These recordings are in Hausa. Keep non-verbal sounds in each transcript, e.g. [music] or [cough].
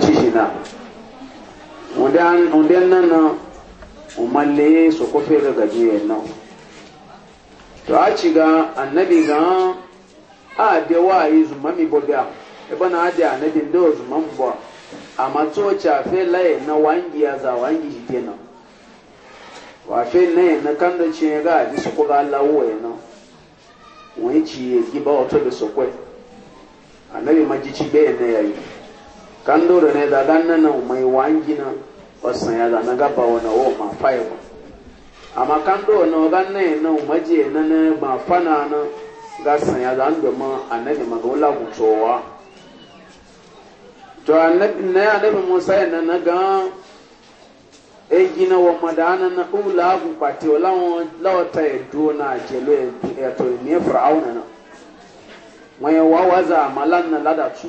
cicina unden nan umalle su kofe ga gajiye nan to a ci ga annabi ga a de wa yi zuma mi boga ebe na adi annabi da zuma bụ a mato cafe laye na wangi ya za wangi shi ke nan fe na yi na kan da ce ga adi su koga lawo ya nan wani ci ya giba wato da su kwai annabi majici bai na yayi kandoro ne da ganna na mai wangina wasan ya zana gaba wani o ma ama ba amma kando na ganna ya na maje na na ma fana na gasan ya zan domin annabi magawula gutowa to annabi na annabi musa ya na na ga egina wa madana na ula gu pati o lawon lawata ya do na jelo ya to ne fir'auna na mai wawaza malan na ladatu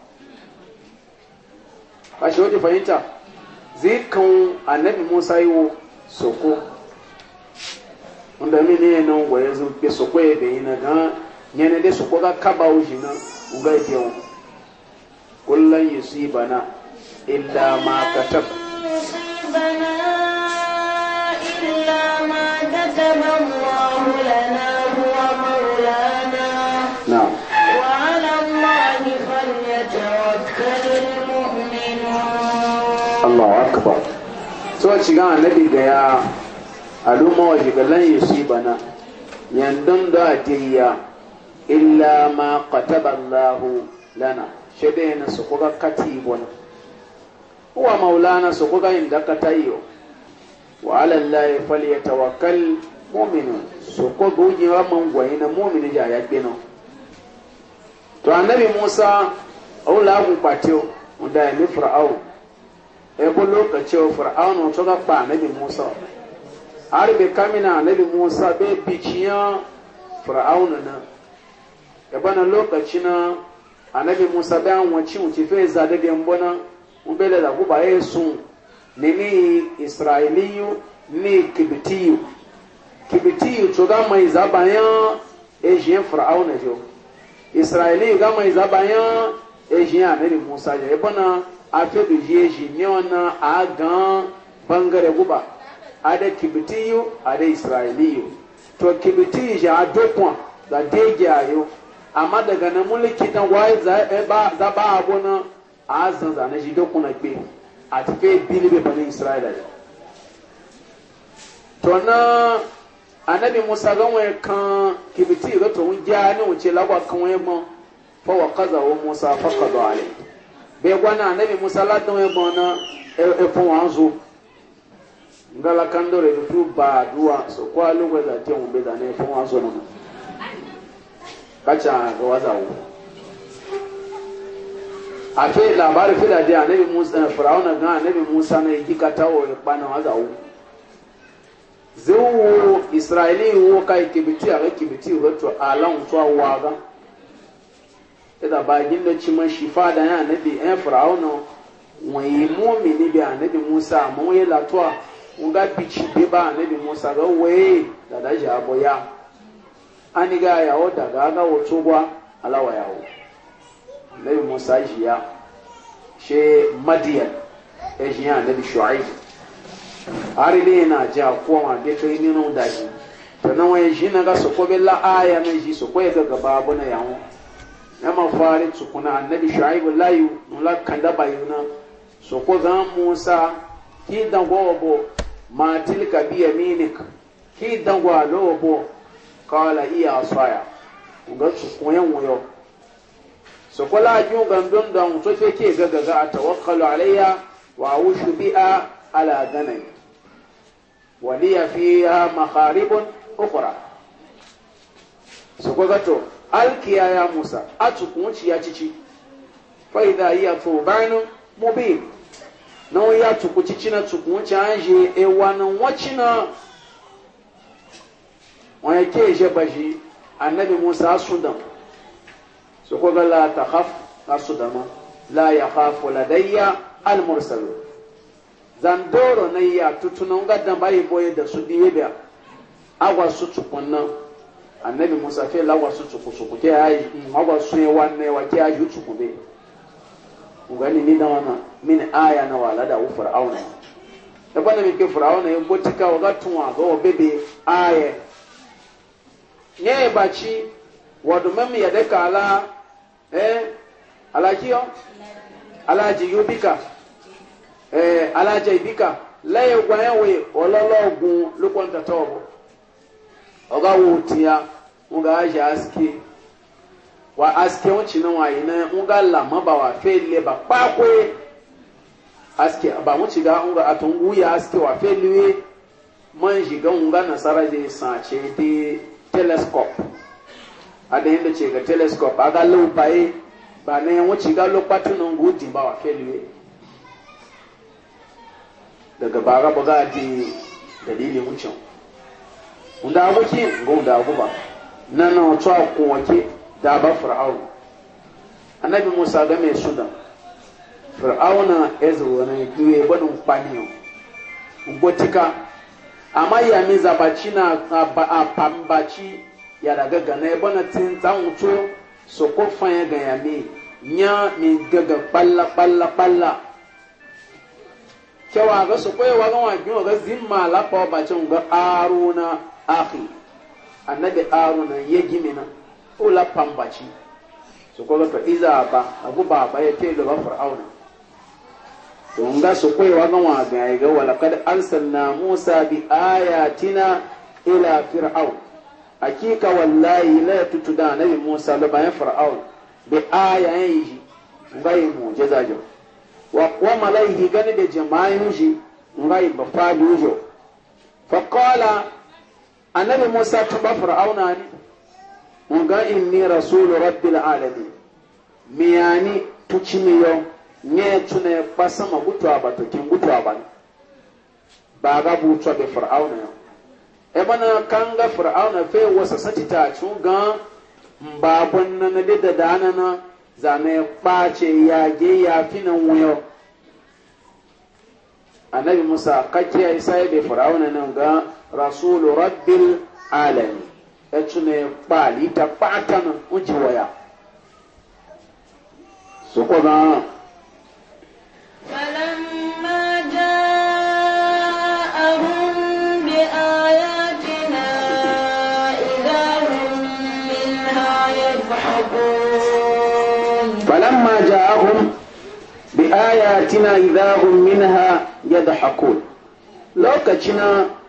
a shi wajen fahimta zai kan annabi musa yi wo soko wanda mini ne nan gwaye zo pe soko ya bayi na gan yana dai soko ga kaba wuji nan uga ke wo kullum yi su yi bana illa ma ka taba illa ma ka taba lana so ci ga annabi ga ya aluma wa shiga lan bana yandun da adiya illa ma kataba Allahu lana shede na su kuga katibon huwa maulana su yin da katayo wa fal ya tawakal mominu su ko buji wa mangwayi na mominu ya ya gbino to annabi Musa aula ku patio ya ni fir'aun ego lokaci wa fir'aunu to ga fa annabi musa har be kamina annabi musa be biciya fir'aunu na ya bana lokaci na annabi musa be an wace wuce fe za da biyan bana un bele da ku ba yesu ne ni israiliyu ni kibitiyu kibitiyu to e ga mai zabayan ejiyan fir'aunu jo israiliyu ga mai zabayan ejiyan annabi musa ya bana a ta duje shi ne wannan a gan bangare guba a da kibitiyu a da israeli isra'iliyu to kibitiyu shi a dokon da degiyayo amma daga na mulki ta waye za ba abu na a zan zane shi dokon na gbe a tafe bilibe bane isra'ila to na anabi musa gan wani kan yi ga to wun gya ne wuce lagwa kan wani ma fa wa kaza wa musa fa kaza alai bee gwana anabi musa ladon egbon na efun wa nzu ngala kando re tu ba duwa so kwa lugwe za te umbe za na efun wa nzu na kacha ga waza wo afe labari fila de anabi musa farauna ga anabi musa na yiki kata wo pa na waza wo zewu israeli wo kai kibiti a kibiti wo to alan to awaga da bagin da ciman shifa da ya annabi ɗan eh, fir'auna wani mini bi annabi musa amma wani latuwa nga bici bi ba annabi musa ga waye da da abɔ ya ani ga yawo daga ga wato gwa ala yawo annabi musa jiya she madiyan eh, ya jiya annabi shu'aib har ne na ja kowa da to ni da yi to nan waye shi na ga su ko la aya na shi su ko ga gaba abu na yawo yama fari tukuna annabi shu'aibu layu nula kanda bayuna so ko zan musa ki dango bo ma tilka bi yaminik ki dango alo kala iya asaya ga tsukuyan wuyo so ko la ju gan don don so fe ke ga ga tawakkalu alayya wa awshu bi'a ala ganai wa liya fiha makharibun ukhra su ko gato alkiya ya musa a tukun ci ya cici fa'ida iya turbanu mubin na ya tuku cici na tukun ci an e je ewa na wacci na wani ke je bashi annabi musa sudan su ko ga la ta haf na la ya hafu ladayya al-mursalu zandoro na iya tutunan gadan bayi boye da su diye a agwa su tukun nan anabi musa ke lawa su tsuku-tsuku ke ayi magwa su yi wannan yawa ke ayi tsuku be ugani ni da wana min aya na wala da wufar auna da bana mi ke fir'auna ya gotika wa gatuwa ga wa bebe aya ne ba ci wa dumam ya da kala eh alakiyo alaji yubika eh alaji bika laye gwaye we olologun lukwanta tobo oga wo tiya nga aje aske wa aske wọn tsi na wọn ayi nga lamɔ ba wa fe le ba kpakpe aske ba wọn tsi ga nga ato ngu ya aske wa fe liwe man zi ga nga nasara de san tse de telescope ade yin de tse ga telescope aga lewu ba ye ba ne wọn tsi ga lo kpatu na ngu di ba wa fe liwe daga ba aga ga di dalili ŋu tsɛn. ndago ki ngo ndago ba nan na wato ko wake da ba fir'aun annabi musa ga mai sudan fir'auna ya zuwa na duwe gwadin kwaniyo gotika amma ya mi zabaci na a pambaci ya daga gana ya bana tin ta wuto so ko fanya ga ya mi nya mi gaga balla balla balla cewa ga so koyewa ga wa biyo ga zimma la pa ba cin ga aruna anabi aro na ya gimi na ula pambaci so ko to iza ba abu ba ba ya lo ba fir'auna to nga su wa ga wa ga ga wala kad ansalna musa bi ayatina ila fir'aun hakika wallahi la tutuda nabi musa lo bayan fir'aun bi ayayen yi mu mu'jiza jo wa wa malaihi gani da jama'in shi ngai ba fadi jo fa qala annabi musa tuba fir'auna ne mun ga inni rasulu rabbil alamin miyani tuchimiyo nye ba to kin abato ba ba baga butwa be fir'auna bana e kan kanga fir'auna fe wasa sati ta ga mbabon na da dana na zame ya ge ya finan wuyo annabi musa kakiya isa ya bai firawuna nan ga rasulu rabbil alami ya tuna kpali ta kpata nan uji waya su ko ba ayatina idza hum minha yadhakun lokacin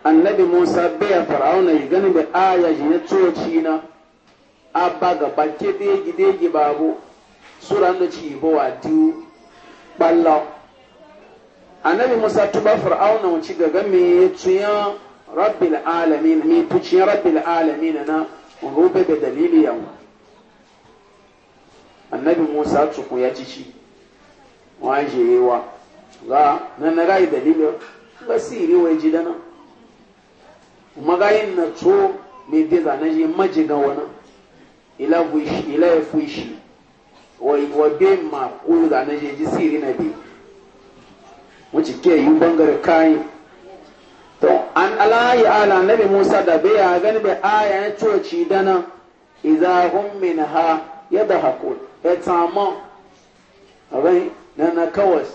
annabi Musa bai Fir'auna ya gani da aya ji na tsoci na abba ga bakke dai gide gi babu sura da ci bo wa du ballo annabi Musa tuba Fir'auna mu ci gaga me tuya rabbil alamin mi tuci rabbil alamin na mu da dalili yawa annabi Musa tuku ya ci shi wa je yi ga nan na gai dalilin basiri wai ji dana magayin na to me de za na je majiga wani ila fushi ila ya shi? wai wa be ma ko za na je ji siri na bi wuce ke yi bangare kayan to an alayi ala nabi musa da be ya gani da aya ya na. dana idza hum minha yadhakun ya e tamam abai na na kawas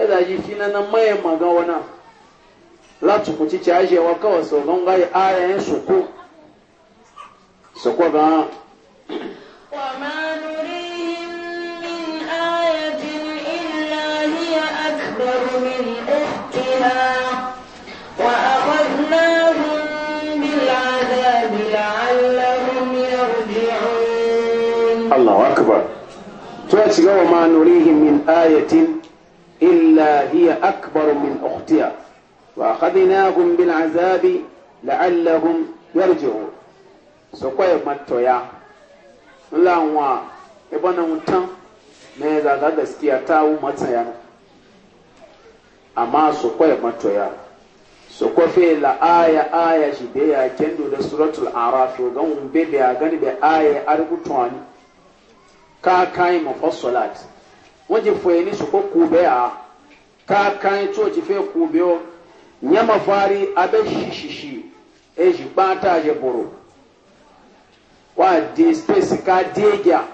ɛda yi fi na na mayan maga wana lati ku cici aje kawas o don gaye aya yin soko soko ga وما ci gawa ma nurihim min ayatin illa hiya akbar min ukhtiya wa akhadnahum bil azabi la'allahum yarji'un so kwaye matoya lanwa ibana mutan me zaga gaskiya ta wu matsaya amma so kwaye matoya so kwafe la aya aya shi da ya kendo da suratul araf gan bebe a gani be aya argutwani kaakan mu mɔfɔsɔlat wọn ti fɔ yi ni soko kube a kaakan tó ti fɛ kube o nyɛma fari a bɛ sisisi ezi gbata yɛ boro wa di space ka di dza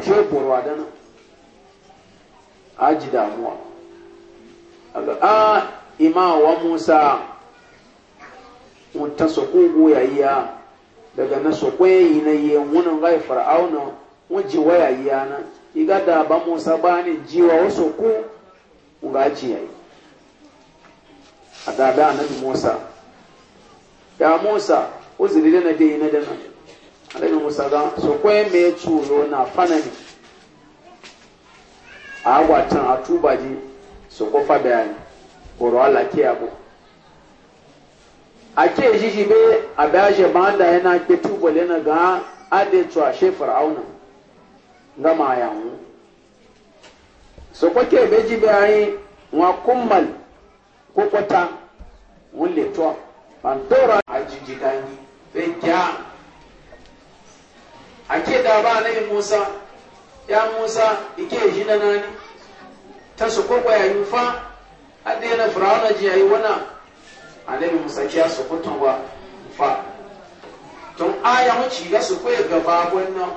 tso boro a dana a ji damuwa a bɛ a ima wa musa wọn ta soko goya yi a daga na soko yi na yi wọn na fara aw na. waje waya yana iga da ba musa ba ne jiwa wasu ku ga ci yayi a dada musa ya musa uzuri da na dai na dana annabi musa ga so kwaye me tsoro na fanani a watan a tubaji so ko fa bayani boro ala ke a ke jiji be a bayaje ba da yana ke tubale na ga ade to a shefar auna nga maya ŋu sokoke beji be wa ŋa kummal kokota ŋun le tɔ pantora a jiji ni be ja a ke da ba anabi musa ya musa ike yi na nani ta sokoko ya yi fa adi na firawuna ji ya yi wana anabi musa kiya sokoton wa fa tun aya mu ci ga soko ya gaba wannan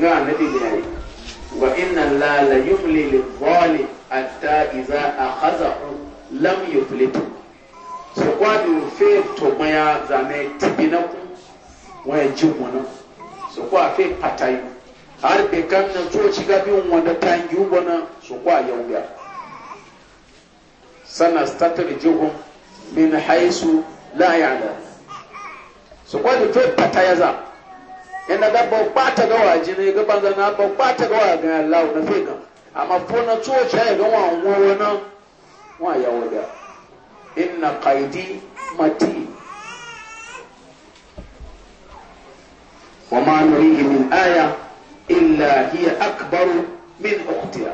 ga annabi ne yayi wa inna la la yufli lil zalim hatta idza akhazahu lam yuflitu so kwa du fe to maya zame tibina ku wa jimwana so kwa fe patai har be kan na to ci ga bi wanda tangi ubona so kwa yauya sana statarjuhum min haisu la ya'lam so kwa du fe pataya za ina ga ba kwata ga waje ne ga banza na ba kwata ga ga Allah na fe ga amma fo na tso cha ga wa wo na wa ya wo da inna qaidi mati wa ma nurihi min aya illa hiya akbaru min ukhtiha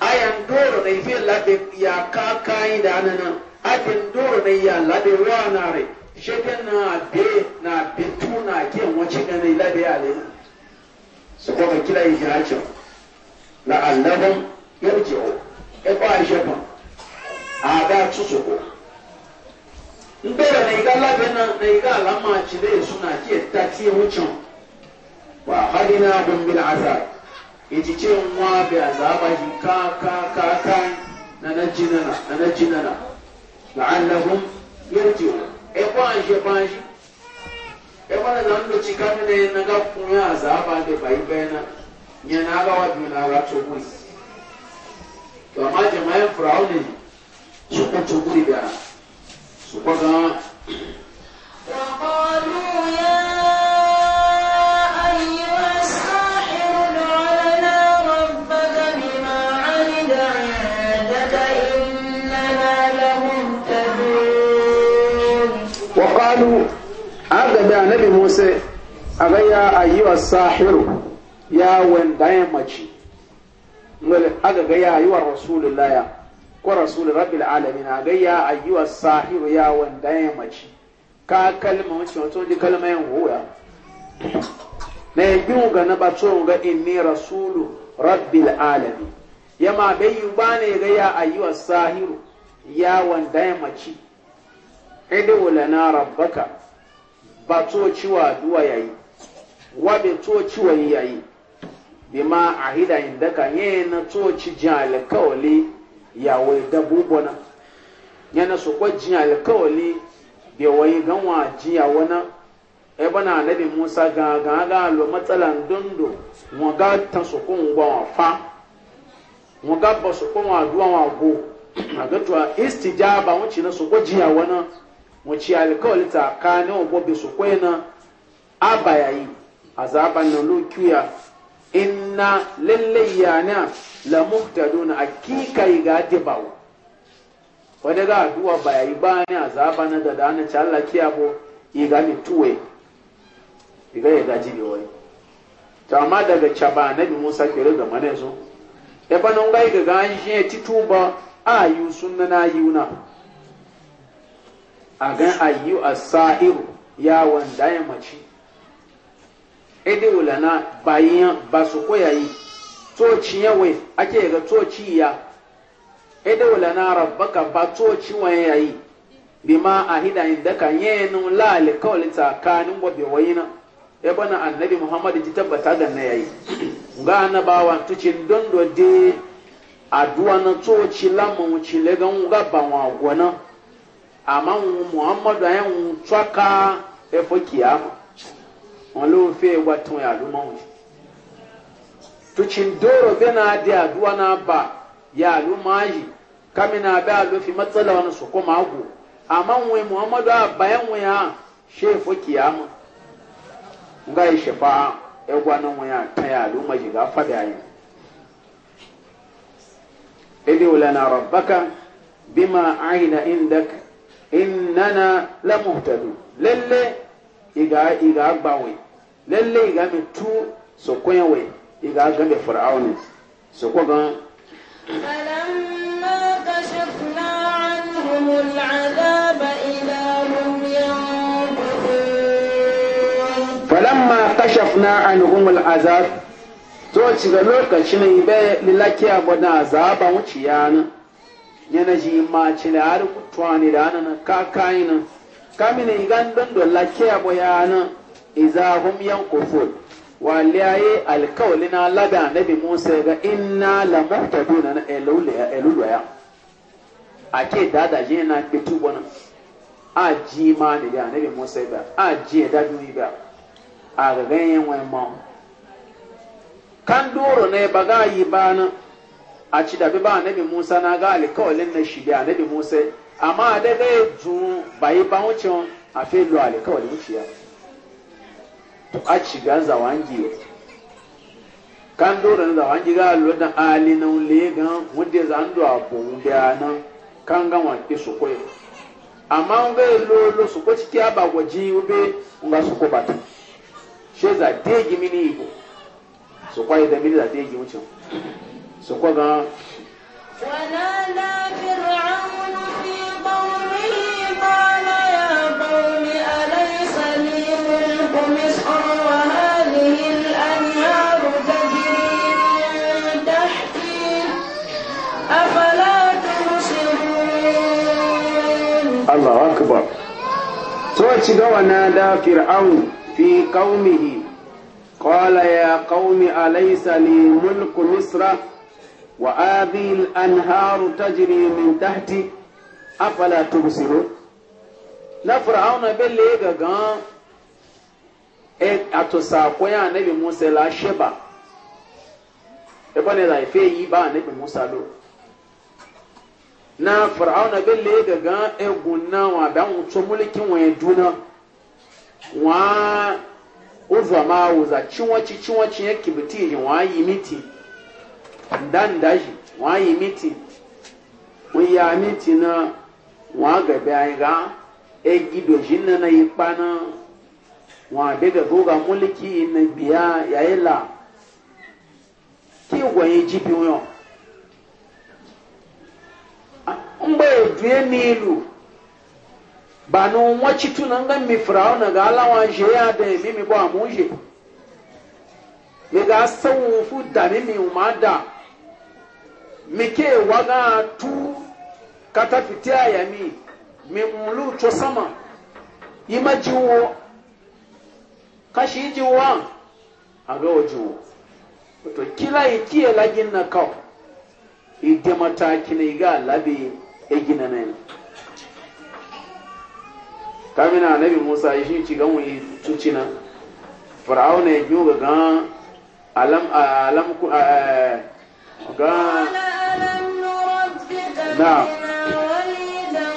ayan doro ne fi labe ya ka kai da anana adin doro ne ya labe ruwa na re shege na be na bitu na ke wace gana ila da yale su kuma kira yi jiracin na allaban yarji'o ya kwa shefan a ga tsusuko ndora na iga labin na na iga alama ci da na ke ta ce wucin wa halina bin azar azab yaji e ce nwa bi azaba shi ka ka ka ka na na jinana na na jinana la'allahum yarji'u ẹ̀kọ́ àṣẹbáyé ẹ̀kọ́ náà ń lo chika nínú ẹ̀ náà zaba yá àzàbà ń dẹ̀bà yìí bẹ́ẹ̀ náà yẹn náà bá wà Aga da annabi musa a a ya ayyuha sahiru ya wanda ya mace ngale aga ga ya ayyuha rasulullahi ko rasul rabbil alamin a ya ayyuha sahiru ya wanda ya mace ka kalma wacce wato di kalma yan hoya na yi ga na batso ga inni rasulu rabbil alamin yama bai yi bane a ya ayyuha sahiru ya wanda ya mace idu lana rabbaka ba to ciwa duwa yayi wa be to ciwa yayi bima ahida indaka yena to ci jale kawli ya wai dabu bona yana su ko jale kawli be wai ganwa jiya wana e bana nabi musa ga ga ga lo matsalan dondo mo ga ta su ko ngwa fa mo ga ba su ko wa duwa wa go a ga to istijaba wuce na su ko jiya wana wace alkawali kane wa bobe su kwena abayayi a zaben na lokiya inna lallai na la muhtadun akika ga dibawo wani ga aduwa bayayi ba ne a zaben na da dana ci Allah kiya bo iga mi tuwe iga ya gaji ne wai to amma daga caba musa kere ga ne yanzu ya bana ngai ga ganshi ya titumba a yi sunna na yi a gan ayyu as-sahiru ya wanda ya mace ede wulana bayan ba su koyayi toci yawe ake ga toci ya ede wulana rabbaka ba toci wa yayi bima ahida indaka yenu la alqawli takanin wa biwayna ya bana annabi muhammad ji tabbata da na yayi ga annabawa tucin dondo de aduwa na toci lamun cile ga ba wa gona àmọ́ wọn muhammadu ayé wọn tsɔka efo kiyama wọn lé wọn fẹ́ wa tún yà lóma wọn tuchin doro bɛ na di aduwa na ba yà lóma yi kami na bɛ alo fi matsala wani soko ma go àmọ́ wọn muhammadu abayé wọn yà se efo kiyama nga yi shefa egwa na wọn yà tán yà lóma yi ga fa bɛ ayi ebi wula na rabaka bima aina indaka. innana lamuhtadu lalle iga iga gbawe lalle iga mi tu sokoyan we iga ga me fir'auni soko gan falamma kashafna anhum al'adab ila hum yanqudun falamma kashafna anhum al'azab to ci ga lokacin ibe lilakiya bodan azaba wuciya na yana ji ma har kutuwani da hannun kakayi nan kamin igan don dola kiya boya nan iza hum yan kufur waliyaye alkawali na lada nabi musa ga inna la muhtaduna na a ake dada je na fitu na a ji ma ni da nabi musa ba a ji da duni ba a ga ganyen wani ma kan doro ne ba yi ba nan a ci ba anabi musa na ga alikawalin na shi da anabi musa ama daga ya e ju bayi ba wucin a fe lo alikawalin wuciya to a ci ga zawangi kan dora na zawangi ga lo da ali na wule ga wanda za an do abu da nan kan ga wa ki su koyi amma un ga lo lo su ko ciki aba gwaji ube un ga su ko bata she za mini ibo su kwai da mini za degi wucin ga فرعون في قومه قال يا قوم أليس لي ملك مصر وهذه تجري من تحتي أفلا تبصرون الله أكبر ونادى فرعون في قومه قال يا قوم أليس لي ملك مصر وهذه الأنهار تجري من تحتي أفلا تبصرون na fir'auna belle ga gan e ato sako ya nabi musa la sheba e bane da fe yi ba nabi musa lo na fir'auna belle ga gan e gunna wa ba mu to mulkin wa duna wa uzama uza cinwa ci cinwa ci yake biti wa yi dandaji wọn yi miti wọn ya miti na wọn gabe anyi egi doji na na yi na wọn abe gabe ga muliki na biya ya yi la ki wọnyi ji bi wọn mgbe edue n'ilu banu nwachitu na nga mi firao na ga alawa je ya da emi mi bo amuje mi ga sawu fu da mi ụmụ umada mike waga tu kata fitia ya mi mi mlu chosama ima jiwo kashi jiwa aga ojiwo to kila ikie la na kaw ide mataki na iga labi egina na kamina annabi musa ya ci gamu yi tucina fir'auna ya ga alam alam eh, قال ألم نربك نعم وليدا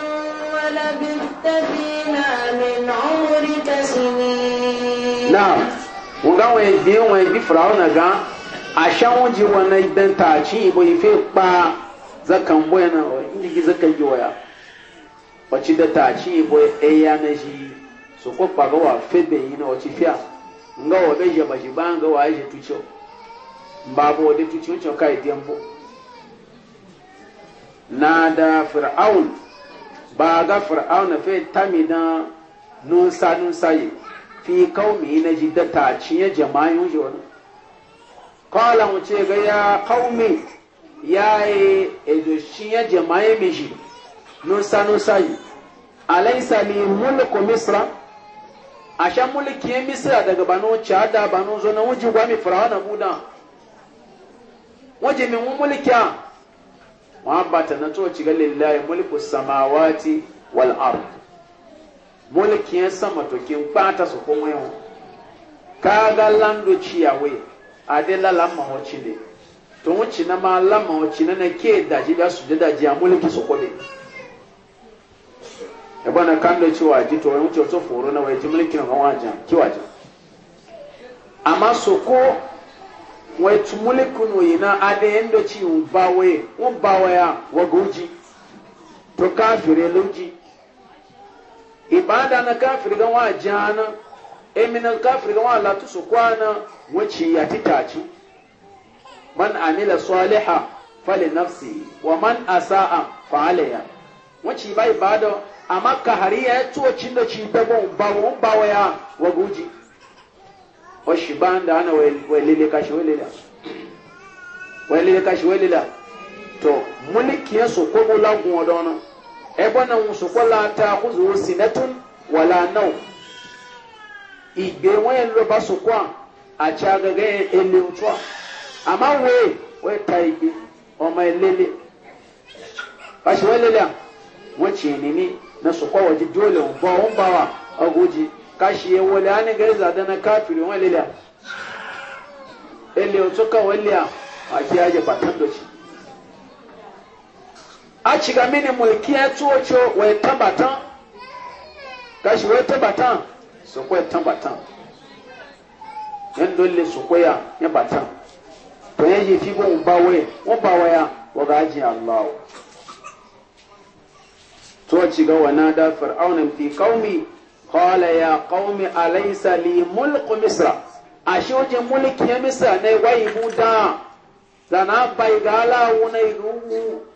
ولبثت فينا من عمرك سنين نعم وقال ويدي ويدي فرعون قال wani idan ta ci bai fi ba zakan boye na inda gi zakan ji waya wace da ta ci bai ɗaya na yi nga wa bai jaba shi ba nga wa ya shi tucewa babu wadda tuci ka kai diyanbo na da fir'aun ba ga fir'aun na fai tami na nunsa nunsa yi fi kaumi na ji da ta cinye jama'in wuce wani kawala wuce ce ga ya kaumi ya yi edo cinye jama'in mishi nunsa nunsa yi alaisa ni mulku misra a shan mulki misra daga banu cada banu zo na wujin gwami fir'aun na budan waje min mulkiya wa bata na to ciga lillahi mulku samawati wal ard mulkiyan sama to kin bata su kuma yau kaga lando ciyawe adela lamma ho ne to wuci na ma lamma ho cile na ke daji da su da daji a mulki su kobe e bana kando ciwa ji to wuce to foro na waje mulkin hawajan kiwajan amma su ko wai yi na yana adayen da ci un bawaye un a, wa goji to kafiri kafire lauji ibada na kafir ga wa jana emina kafir ga wa latu na kwana wace ya titaci man amila saliha fali nafsi wa man asa asa'a fa alayha wace ba ibada Ama amma ka hariya ya tuwa cin da ci dabon a, wa goji Oshibanda ban da ana welele kashi wailele wailele kashi wailele to mulki ya soko bula gun odona e bona un soko la ta khuzu sinatun wala naw igbe wen lo ba soko a cha gaga ele utwa ama we we ta igbe o ma elele kashi wailele won chi ni ni na soko waji dole un ba un ba wa agoji kashi ya wale ani ga zada na kafiri wa lila ele to ka wale a ki aje patan do ci a ci ga mini mulkiya tuwocho wa tabatan kashi wa tabatan so ko tabatan yan dole su koya ya batan to yaje fi bon bawe won bawaya wa gaji Allah to ci ga wana da fir'aunin fi qaumi qala ya qaumi alaysa mulku misra ashoje mulki ya misra ne wai buda zana bai gala wuna igu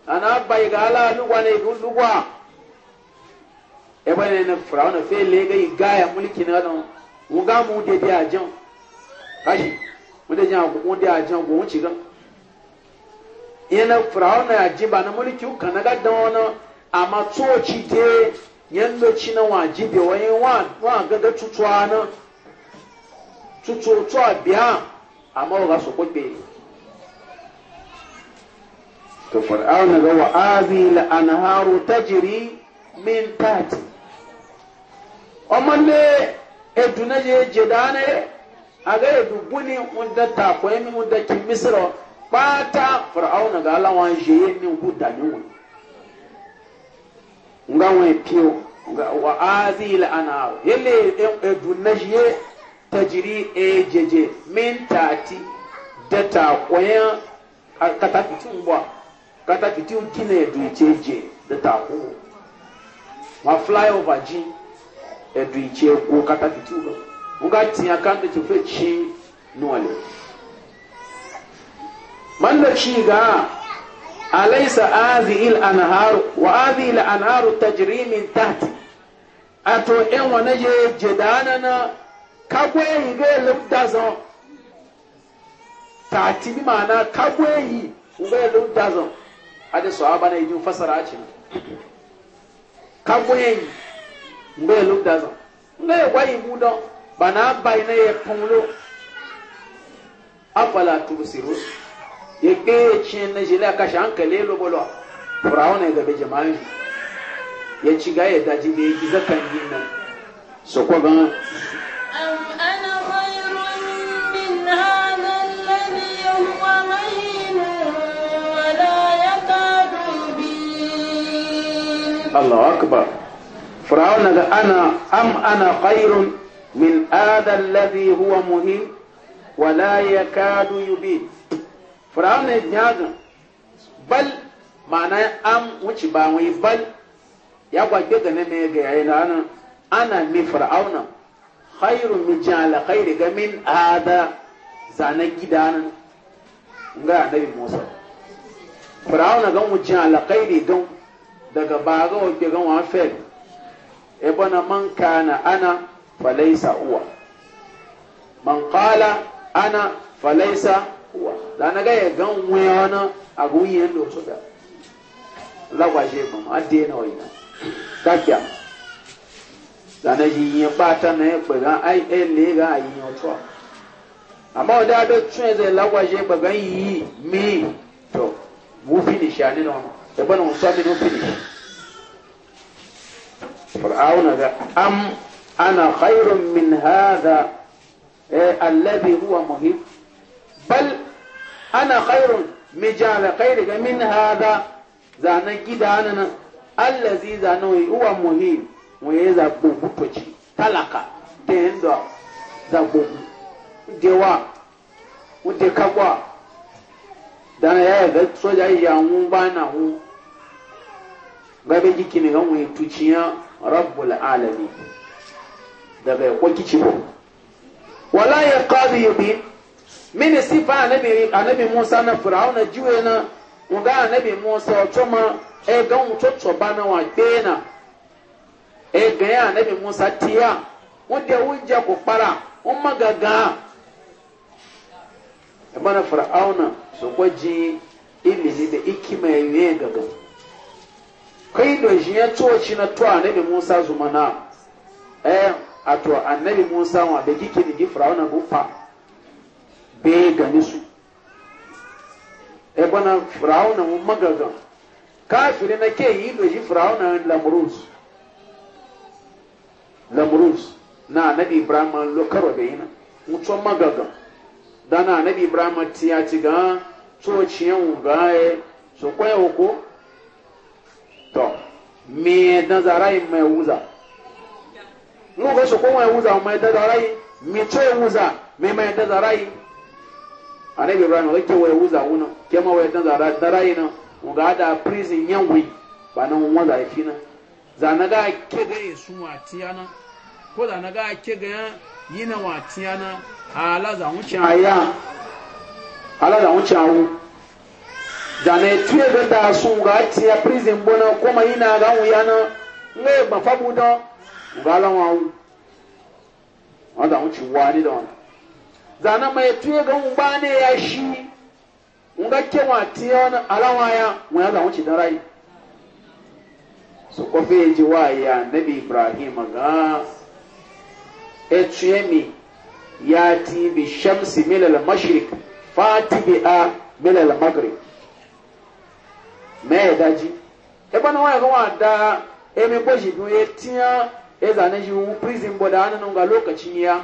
ana bai gala lugwa Ebe igu lugwa e bane na firawna fe gaya mulki na don mu ga mu de de ajan kashi mu de jan ku de na mulki na ga Yan ci na waji da wani wa gaga tutuwa na tutuwa biya amma ba su kwaɓe to fir'auna ga wa azil anharu tajri min tahti omalle eduna je jedane aga eduguni unda ta ko emi unda ki misira pata fir'auna ga lawan je yin ni huda ni wani nga wen piyo nga wa azil anar yele edunajie e tajiri ejeje min tati data koya kata pitin bwa kata pitin kina edu icheje data ko ma fly over ji edu iche ko kata pitin ko nga tinya kan de tufe chi nuale man da chi ga Ala ịsa a vi il Wa a vi il alharu tajiri ịmị ato A tụrụ je nwaleye jedananar kawe ihe bee lum dazọ ka a ti maa na kagoe yi u bee lum dazọ. A dị sọ abanayi nye u fasara ati na. Kagoe nye u bee lum dazọ. Ne ewa ibu dọ. Bana abanye na eya ekuro. A pali أم أنا خير من هذا الذي هو مهين ولا يكاد بي الله أكبر فراونا أنا أم أنا خير من هذا الذي هو مهين ولا يكاد يبين firawun ne ya ga bal ma'ana an wuce ba wai bal ya gwage ga na mai ga yayi nan ana mi fir'auna khairu min jala khairi ga min hada zana gidan ga annabi Musa fir'auna ga wuce ala khairi ga daga ba ga wuce ga wa fe e bana man kana ana falaysa uwa man qala ana falaysa lana ga ye gan ya na a guyin da wasu da ba ma dai na wai na dakiya lana yi bata na ya e gbaga ai ai e le ga yi to amma wanda da tun zai lagwaje ba yi mi to mu finish ya na da bana mu sami no finish am bal ana khairun mijala kai daga min hada zana gidana nan allazi zanen wai uwa muhim wai za gugu toci talaka da yanda za gugu dewa wuce kagwa na yaya yaga soja ya hun ba na hun gabe jiki ne ga ganwe tuciya rabbul alami daga ya kwa kici ko wala ya qadi yubin mini sifa anabi anabi musa na firauna jiwe na nga anabi musa ọtọma ega ntọtọ ba na wa gbee na ega ya anabi musa tia wọn de wọn jẹ kọkpara wọn ma gaga ẹba na firauna sọkwa ji ilili da ikima ewie gaba kai da jiya toci na to anabi musa zuma na eh ato anabi musa wa da gike da gifrauna bufa bee gani su ebana firawuna mu magagan kafiri na ke yi doji na lamrus lamrus na anabi ibrahim lokaro da yana mutu magagan dana anabi ibrahim tiya ci ga tsociyan wugaye so kwaye oko to me da zarayi mai e wuza nuka su kuma e wuza mai e da zarayi mi ce wuza mai mai da zarayi anabi ibrahim ga ke waya wuza wuna ke ma waya dan zara rayi na mu ga da prison yan wi ba nan mun waza yafi na za na ga ke ga su watiya na ko za na ga ke ga yina watiya na ala za mu cin aya ala za mu cin awu za na tuye ga da su ga tiya prison bona kuma yina ga wuya na ne ba fabu don ga lawan awu wa za mu ci wani da wani zana mai tuye ga ba ne ya shi nga ke wa tiya na alawa ya wa ya zamu ci dan rai so ko fe ji wa nabi ibrahim ga e tuye ya ti bi shamsi min al mashriq fati bi a min al maghrib me daji e bana wa ga wa da e me ko shi dun e tiya e zana shi prison boda nan ga lokacin ya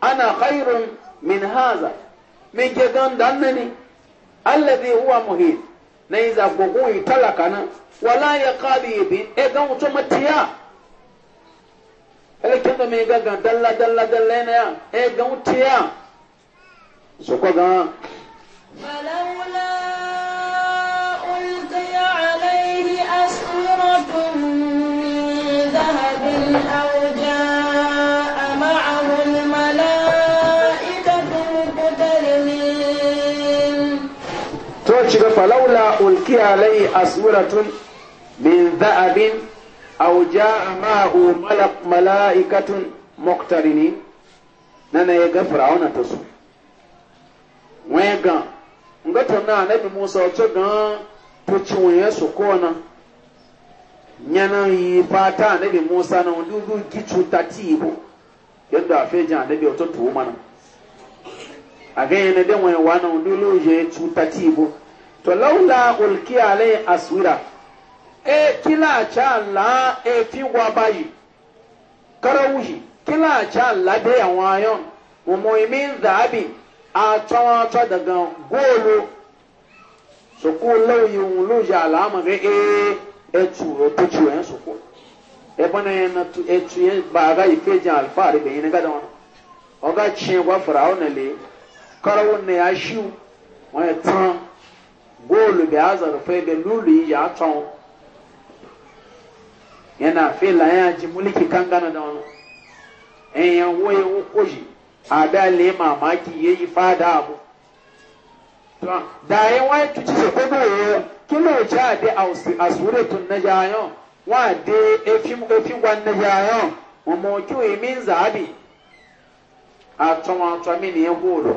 ana khairun min haza min ke gan dannani alladhi huwa muhit na yi zagogon yi talaka nan wala ya kabi bi e gan wuto matiya alkin da mai gagan dalla dalla dalla na ya e gan wutiya su ko gan walaula ci ga falaula ulkiya lai aswiratun min za'abin aw jaa ma'ahu malak mala'ikatun muqtarini nana ya ga fir'auna ta su wega ngato na anabi musa to gan to ciwon su kona nyana yi fata anabi musa na dudu gicu tatibo yadda a afejan nabi to tuwo mana a ga yana da wani wani dole ya cuta tibo to laula ulki alai aswira e kila cha la e fi wa bayi karawuhi kila cha la de awon ayon wo mo imi zabi a tawon to daga golo soko lauyi wun lo ya alama ge e e, e tu o to tu en soko e bana en tu e tu en ba ga ife jan alfari be yin ga don o ga chin wa farao ne le karawun ne ya shiu won e góòlù bẹ azọrọfẹ bẹ lulu yi yàá tọn yẹn na e fi la yẹn adi múlíkì kankan dán ẹyẹn wọ yẹn wọ kọyì àdá lè màmá kì yẹ yí fáadà àbò tán dàáyé wọn tún ti sèkó náà yẹ kí ló ń jẹ àdé àsúrè tó nàjà yọ wọn àdé efim efimwa nàjà yọ wọn mọ ojú èmi ń zàábì àtọwọn àtọmí nìyẹn góòlù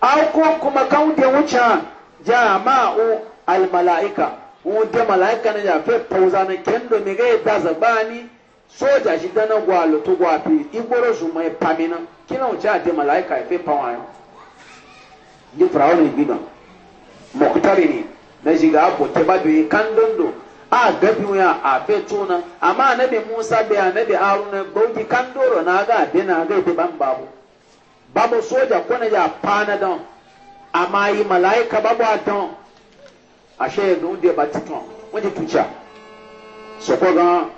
àwọn kó kọmọkàn dé wọn kyàn. jama'u almala'ika wun da mala'ika na ya fe pauza na kendo mi ga da zabani soja shi dana gwalo to gwafi igboro su mai pamina kina wuce a da mala'ika ya fe pawa yau ni firawun gbidan mokutari ne na shiga abu ta ba biyu kan dondo a gabi wuya a fe tuna amma anabi musa bai anabi haruna gauki kan doro na ga abin na ga ita ban babu babu soja kone ya pana don ama yi malaika ba bɔ atɔn ahyɛ yɛ nu deɛ ba titɔn wɔn ti tu kya sɔkɔ gan.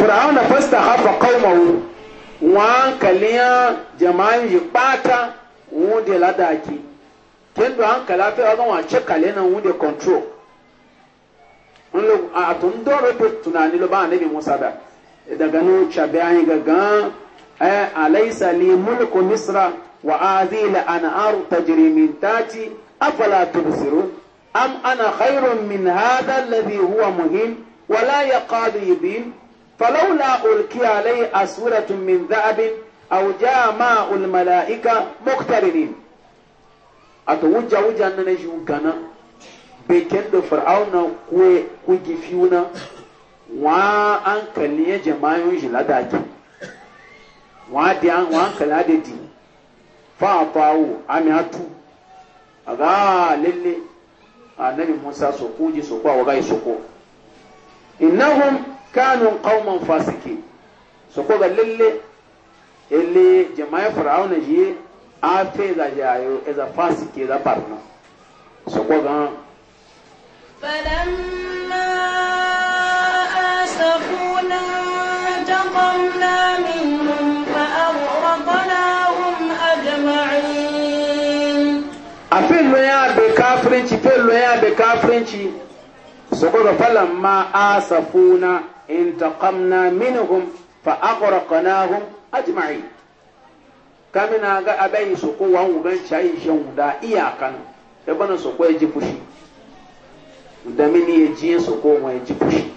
fir'aun da fasta hafa kaumahu wa kaliya jama'in yi bata wunde ladaki kendo hankala pe aga wance kale na wunde control a tun doro da tunani lo ba annabi musa da daga nu chabe an ga ga alaysa li mulku misra wa hadhihi la anhar tajri min tati afala tubsirun am ana khairun min hadha alladhi huwa muhim wa la yaqadu yubin فلولا ألقي عليه أسورة من ذهب أو جاء ماء الملائكة مقترنين ato wuja wuja nana shi gana beken da fir'auna ko ko gifiuna wa an kalli jama'in shi ladaki wa di an wa an kala da di fa tawo ami atu aga lalle annabi Musa so kuji so kwa wa wagai so ko innahum kanu qauman fasiki so ko ga lalle ele jama'in fir'auna je afe ezajayo eza fasiki eza parna sokwa gan. falamma asafuna taqamna minhum fa aghraqnahum ajma'in. afe loya be kafirinci fe loya be kafirinci sokwa ga falamma asafuna intaqamna minhum fa aghraqnahum ajma'in. kamina ga abai su ko wan wugan shayi shan guda iyakan da bana su ko ya ji fushi da mini ya ji su ko ya ji fushi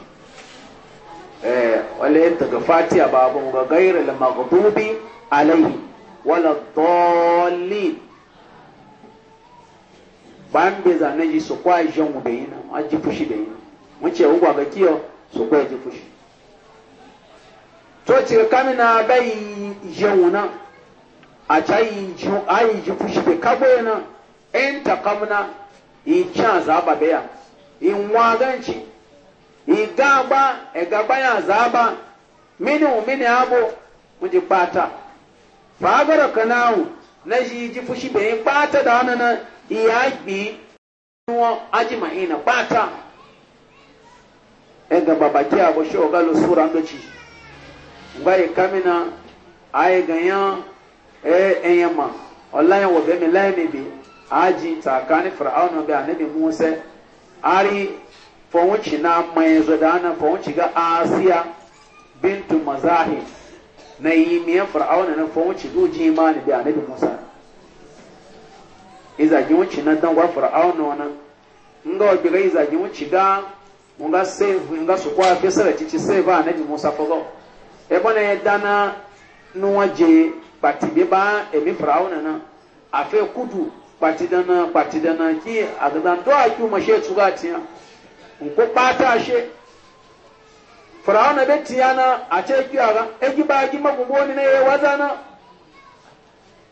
eh wala ta ga fatiha babun ga gairu al maghdubi alaihi wala dallin ban be za na yi su kwa shan guda yana a ji fushi da yana mun ce ugwa ga kiyo su ko ji fushi to ce kamina bai yawuna a ca ayi ji fushi be kabo yana in takamna in can zaba beya in waganci in gaba e gaba ya zaba mini mini abo mu ji bata fagara kanawu na ji ji fushi be in bata da wani na iya gbi wọn ajima ina bata e gaba baki abo shi ogalo sura ndoci gbaye kamina aye ganyan eh enyan ma wallahi wa bemi mi bi aji fara tsakani fir'auna bi annabi musa ari fawunci na mai zodana fawunci ka asiya bintu mazahi na yi miya fir'auna na fawunci guji ne bi annabi musa izagi wuci na fara fir'auna na, nga wa biga izagi wuci ga nga save nga su kwa fesara cici save annabi musa fago e bana ya dana nuwa je kpati bi ba emi firawo nana afe kudu kpati dana kpati dana ki agadan do aki ma she tuga tiya nko kpata she firawo na bɛ tiya na a ce ki aga egi ba agi magumbo ni na ye waza na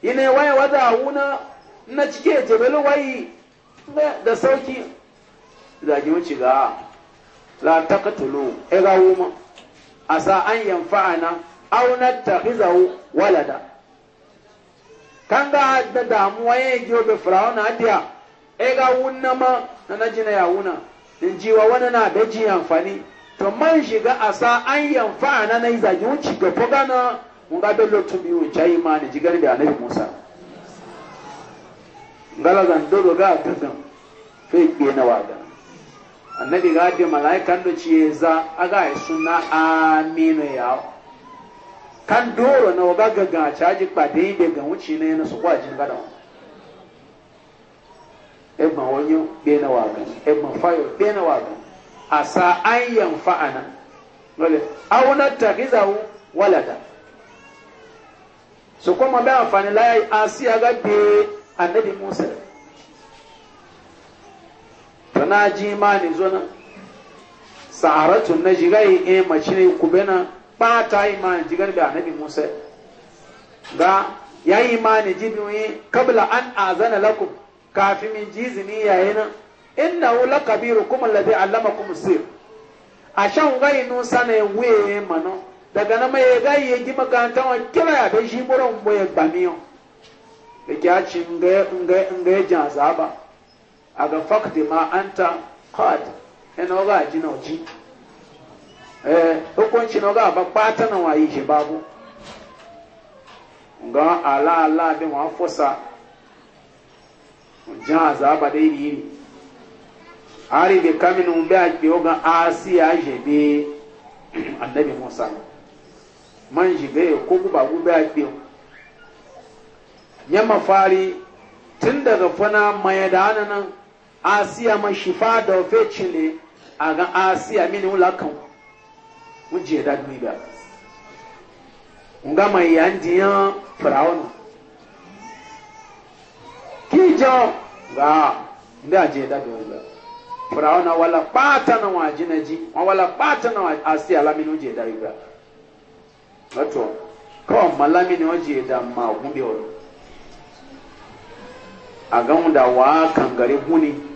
ina waye waza wuna na cike jebelu wayi da sauki zagi wuce ga la taqtulu e ga wuma asa an yanfa yanfa'ana aw na nattakhizahu walada kanga da damuwa ya yi obe firawun adiya e ga wunna ma na na jina ya wuna in jiwa wani na da ji amfani to man shiga a sa an yamfa a nan yi zagi wuci ga fogana mun ga bello tun biyu wuce yi ma ni jigar da anabi musa galazan dodo ga tutan fai gbe na wada annabi ga bi mala'ikan da ciye za a ga yi suna aminu yawo kan doro na waga gaga caji kpade da ga wuce na yana su kwa jin gada ma wani bena waga ebma fayo na waga a sa an yan fa'ana lole auna ta hizahu walada su kuma bai amfani layi a siya ga be annabi musa to na ji ma ne zo na sa'aratun na jigai e mace ne kubena kpata imani jigar da annabi musa ga ya yi imani jibiyoyi kabla an azana lakum kafin min jizini yayi nan inna wula kabiru kuma lade alama kuma sir a shan gai nusa na wuye mano daga na mai gai ya gima makaranta wa kira ya bai shi burin boye gbamiyo da kya ci nga ya jan zaba a ga fakti ma anta qad ina ga ji na ji Eh, hukunci na ga ba kpata na wayi shi babu nga ala ala bi wa fosa jan azaba da iri iri ari bi kamin be a ke ga asi a je be [clears throat] annabi musa man ji be ko ba gu be a ke ya mafari tun daga fana mai da hananan asiya ma shifa da ofe a ga asiya mini wula kan wunji ya dadu ibe nga mai ya ndi ya firawun ki jo ga nda je dadu ibe firawun wala ji, na wa jinaji wala pata na asi alami no je dadu ibe wato ko malami no je da ma gumbe woro a ga da wa kangare guni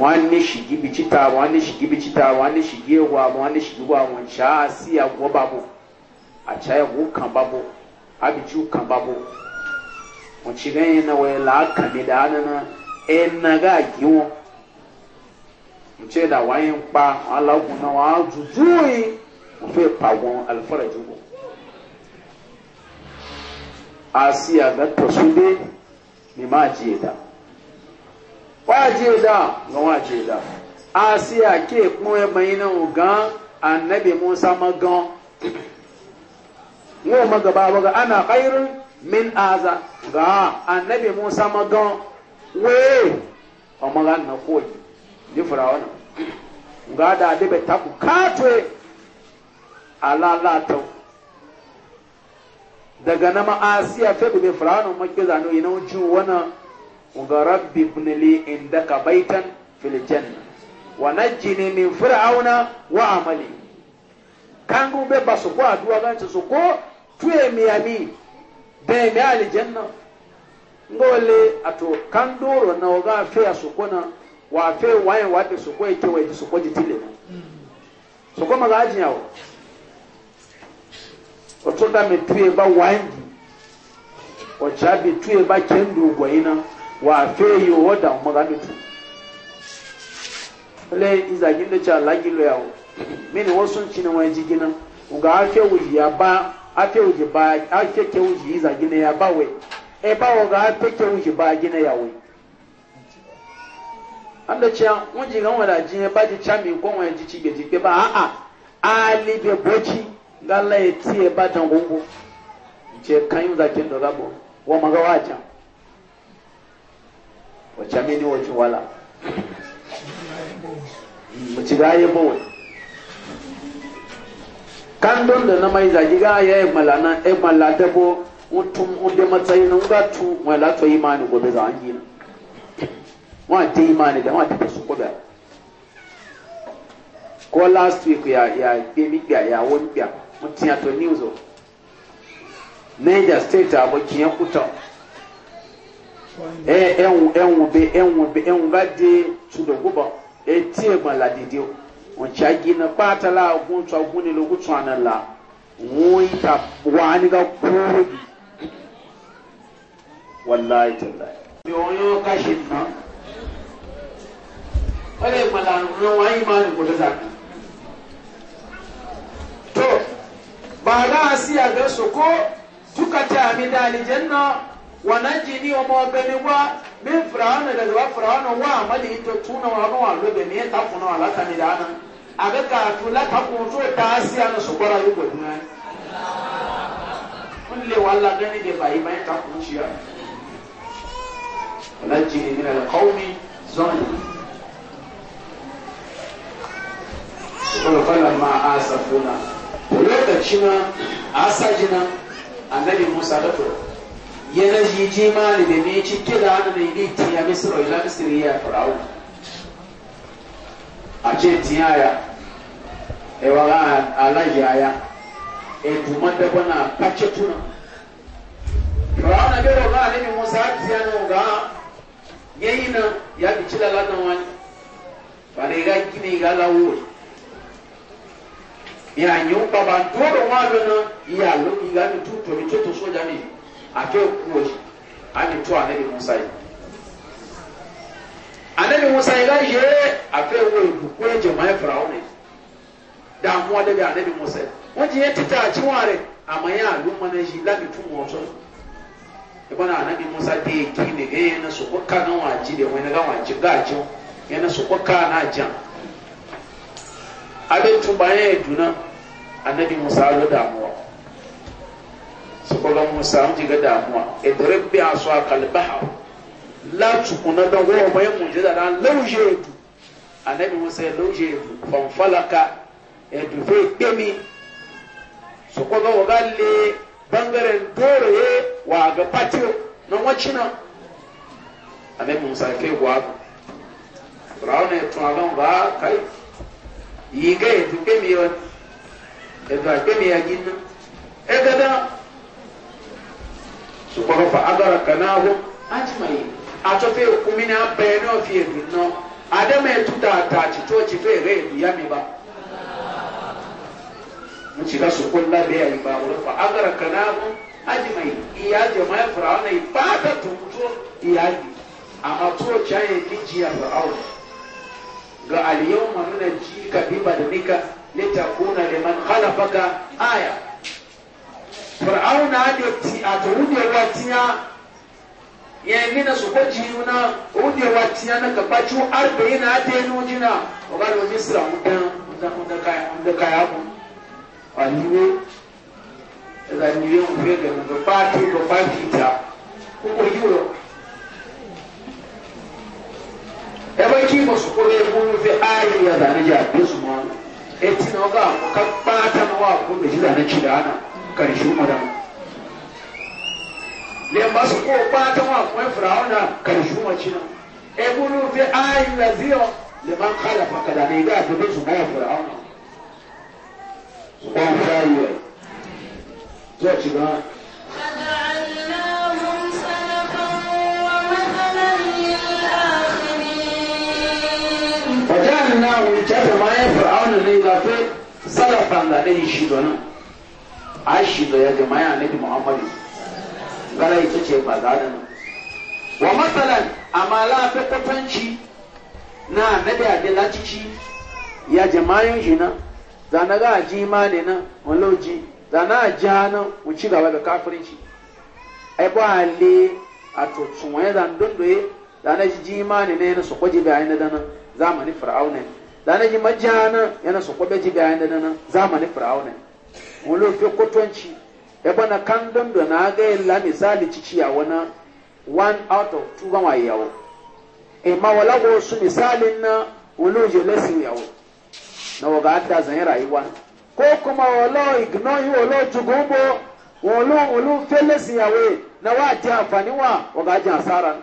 wani shigi bicita wani shigi bicita wani shigi ewa wani shigi wa wọn ca asi agwọ babo a ya ewu kan babo abiju kan babo wọn ci ganyen na wọ la kame da anana e na ga gi wọn wọn ce da wani ala alagun na wọn ajuju yi wọn fẹ pa wọn alifara jugu asi aga tọsu de ni ma ji da. waje da ga waje da asiya ke kuma mai nan gan annabi musa magan wo magaba ga ana khairun min aza ga annabi musa magan we o maga na koji ni firawuna ga da de be taku katwe ala lato daga nama asiya fe be firawuna makiza no ina ju wani. ga rabbi ibnili indaka baitan fil janna wa najjini min fir'auna wa amali kangu be basu ko aduwa ban su ko tuye mi ami be mi aljanna ngole ato kandoro na oga fe su ko na wa fe waye wa te su ko ike wa su ko jitile su ko ba o ba wa feyi wo da mu ga le iza gi de cha la gi mini wo sun chi na ji gina nga afe wo ya ba afe wo ba ke ji iza ya ba we e ba wo ga afe ke ji ba ya we anda cha wo ga wala ji ba ji cha mi ko chi ge ji a a ali be bochi e ti e ba gungu je kan yu za wacce mini wacce wala mace ga ya bawa kan don da na mai zagi ga ya eh, yi malana ya eh, mala dabo mutum inda matsayi na ga tu mala to imani gobe za an yi na wa ta imani da wa ta su gobe ko last week ya ya be mi ya ya won ya mutum ya to news o state abokin ya kuta ẹ ẹwùn ẹwùn bẹ ẹwùn bẹ ẹwùn bá dé tùdọ̀gbọ̀ etí la làdìdì wọn tí a yí na pátá ogun tó ogun ni lóògùn tó àná la wọn yìí ta wàá ní ká kúrò bi wàláyé tẹ̀lá. mi ò yọ ká ṣe nà wọ́n lè gbọ́dọ̀ àrùn wọn yìí máa ń gbọ́dọ̀ sàkó. tó bàbá àti àgbẹ̀ sòkó túkàtà àmì dàlí jẹ́ náà. wannan jini wa mawabeni wa min fir'auna da zuwa fir'auna wa amali ito tuna wa ruwa lobe ne ta kuna wa lata ni da nan a ga kafin lata kun so ta asiya na su kwara yi gwadu na kulle wala gani da bayi bayan ta kun ciya wannan jini min alƙaumi zoni kuma fara ma asafuna lokacin asajina annabi musa da turu yana ji ji malibe ne ci kira na mai ne tiya misra ila misri ya fir'aun a ce tiya ya e wala alayya ya e duma da bana kace tuna fir'aun na bero ga ne musa tiya no ga yayina ya bi cila la dan wani bare ga kini ga lawo ya nyu baba to do ma do na ya lo ga ni tuto ni to soja ni ake kuwa shi ake to anabi musa yi anabi musa yi la ye afe wo ibukun eje maa farawo ne damuwa de bi anabi musa yi wọn ti yẹ tita akyi wọn rẹ amanya aluma na yi labi tu wọn so ibana anabi musa de eki ne ge yẹn na soko ka na wọn akyi de wọn na ka wọn akyi ga akyi yẹn na soko ka na akyi a abe tuba eduna anabi musa alo damuwa. su musa an jiga damuwa idrib bi a su a kalbaha la tukuna da goma mai mujiza da lauje du annabi musa ya lauje du fanfalaka ya dufe kemi su kwaga wagalle bangaren ye. wa ga patio na wacina annabi musa kai gwa Brown ya tunanin ba kai yi ga ya dufe mi yau ya dufe mi ya gina ya e gada sùgbọ́n agara kanáwó ajimaye atọ́fẹ́ kumina bẹ́ẹ̀ náà fi adama ètú atachi àtìtú ọ̀tí fẹ́ rẹ̀ ba. mo ti ka agara kanáwó ajimaye ìyá jẹ̀mọ́ ẹ̀ fara ọ̀nà ìbáàdà tuntun ìyá yìí àmà tó ọ̀tí ga àlìyé wọn mọ̀ nínú jí kàbí bàdàmíkà lẹ́tà fir'auna da ti a ta yawa tiya ya yi na su kwaji yuna yawa tiya na gabacu arba'in na ta yi nujina wa ba da misra wanda kaya mu a niwe da niwe mu fiye da gabatu gabatu ta kuma yuro ebe ki ba su kore mun fi ayi ya zane jabi su ma etina ga ka bata na wa kuma ji zane ci da ana karshen magana le masu ko bata wa kwai firawuna karshen wacce nan e bulu fi ayin laziyo le man kala faka da ne ga dubu su mai firawuna su ba firawuna zuwa ci ba وجعلناه جثما يفرعون ليلة سلفا لديه شيطانا ashi da ya jama'a annabi muhammad gara ita ce ba za da wa matsalan amma la ta kwatanci na annabi adila cici ya jama'in shi na zana ga ji imani na waloji zana a ji hannun wuci gaba da kafirci ai ba hali a tutsun wani zan dundoye zana ji ji imani na yana su kwaji bayan da dana zamani fir'auna zana ji majiya na yana su kwabe ji yana da dana zamani fir'auna wani fi kwatanci ya bana kan dondo na ga yalla misali ciciya wani one out of two gama yawo e ma wala go su misalin na wani je lesu yawo na waga adda zan yi rayuwa ko kuma wala ignore wala jugubo wala wala feles yawo na wa ji amfani wa waga ji asara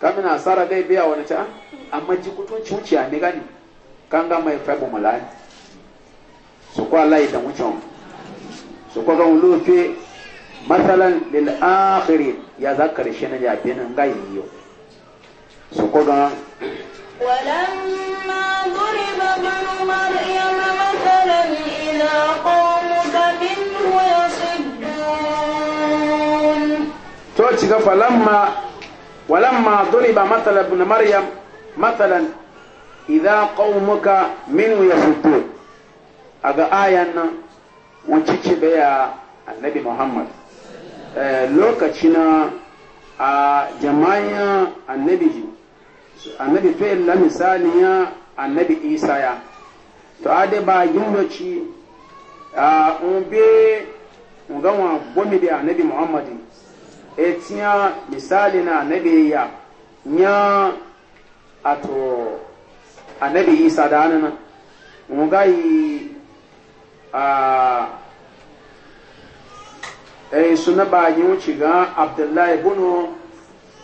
kamina asara dai biya wani ta amma ji kutunci wuciya ne gani kan ga mai fabu malani sokɔ alayi da wucɔn sokɔ kan wulu fe masalan lil akhiri ya za karshe na jabe nan ga yi yau sokɔ kan ولما ضرب ابن مريم مثلا إذا قومك منه يصدون توجد فلما ولما ضرب مثل ابن مريم مثلا إذا قومك منه يصدون a ga ayan nan wanci ce baya annabi muhammad eh, lokaci na a jama'a annabi ji annabi fi'il la misali ya annabi isa ya to ade ba yindoci a umbe nga gomi da annabi muhammad etiya eh, misali na annabi ya nya ato annabi isa da anana nga yi Ah, e suna banyewu ci gan Abdullah ibn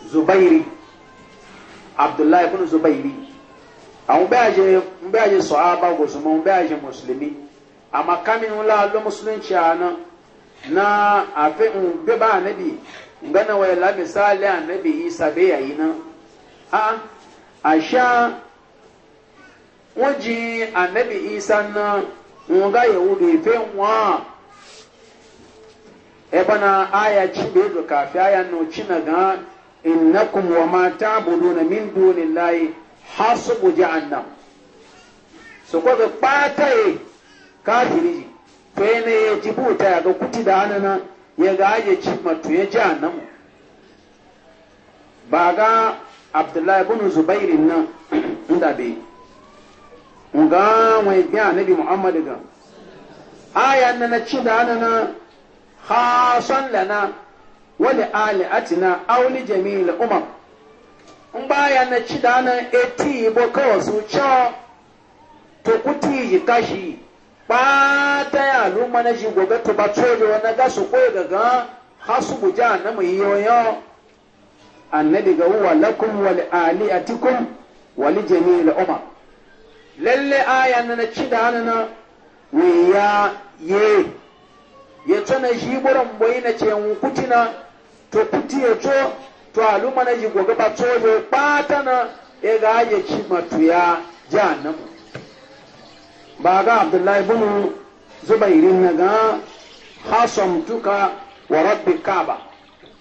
Zubairi. Abdullah ibn Zubairi. Awun be aje, n'ube aje nso abuwa guzu ma oun be aje musulmi. Amma Kamilu Ulamu Musulunci na na-afi, n'ube ba hannabi ngana wa yala misali hannabi Isa be yayi na? Ha? Asha, nwajin hannabi Isa na nga yahudu ife nwa a aya ci be zo kafi aya no ci na ga innakum wa ma na min dunillahi hasibu jahannam so ko ga patai kafiri to ne ya jibuta ya ga kuti da anana ya ga aje ma matu ya jahannam ba ga abdullahi ibn zubairin nan inda [clears throat] bai nga na bi muhammadu ga aya na na ci da na khasan lana na li ali atina na li jami'il umam in baya na ci da na eti bo kawo su cha to kuti yi kashi ba ta ya luma na shi gobe to ba tsoro na ga su koyi gaga hasu bu na mu yoyo annabi ga huwa lakum wa li ali atikum wa jami'il umam lalle aya na ci da na wuya ya ye ya to na shi buran boyi na ce kuti na to kuti ya to to aluma na ji goga ba co yo bata na ya ga ya ci matuya jahannam ba ga abdullahi bin zubairin na ga hasamtuka wa rabbi kaba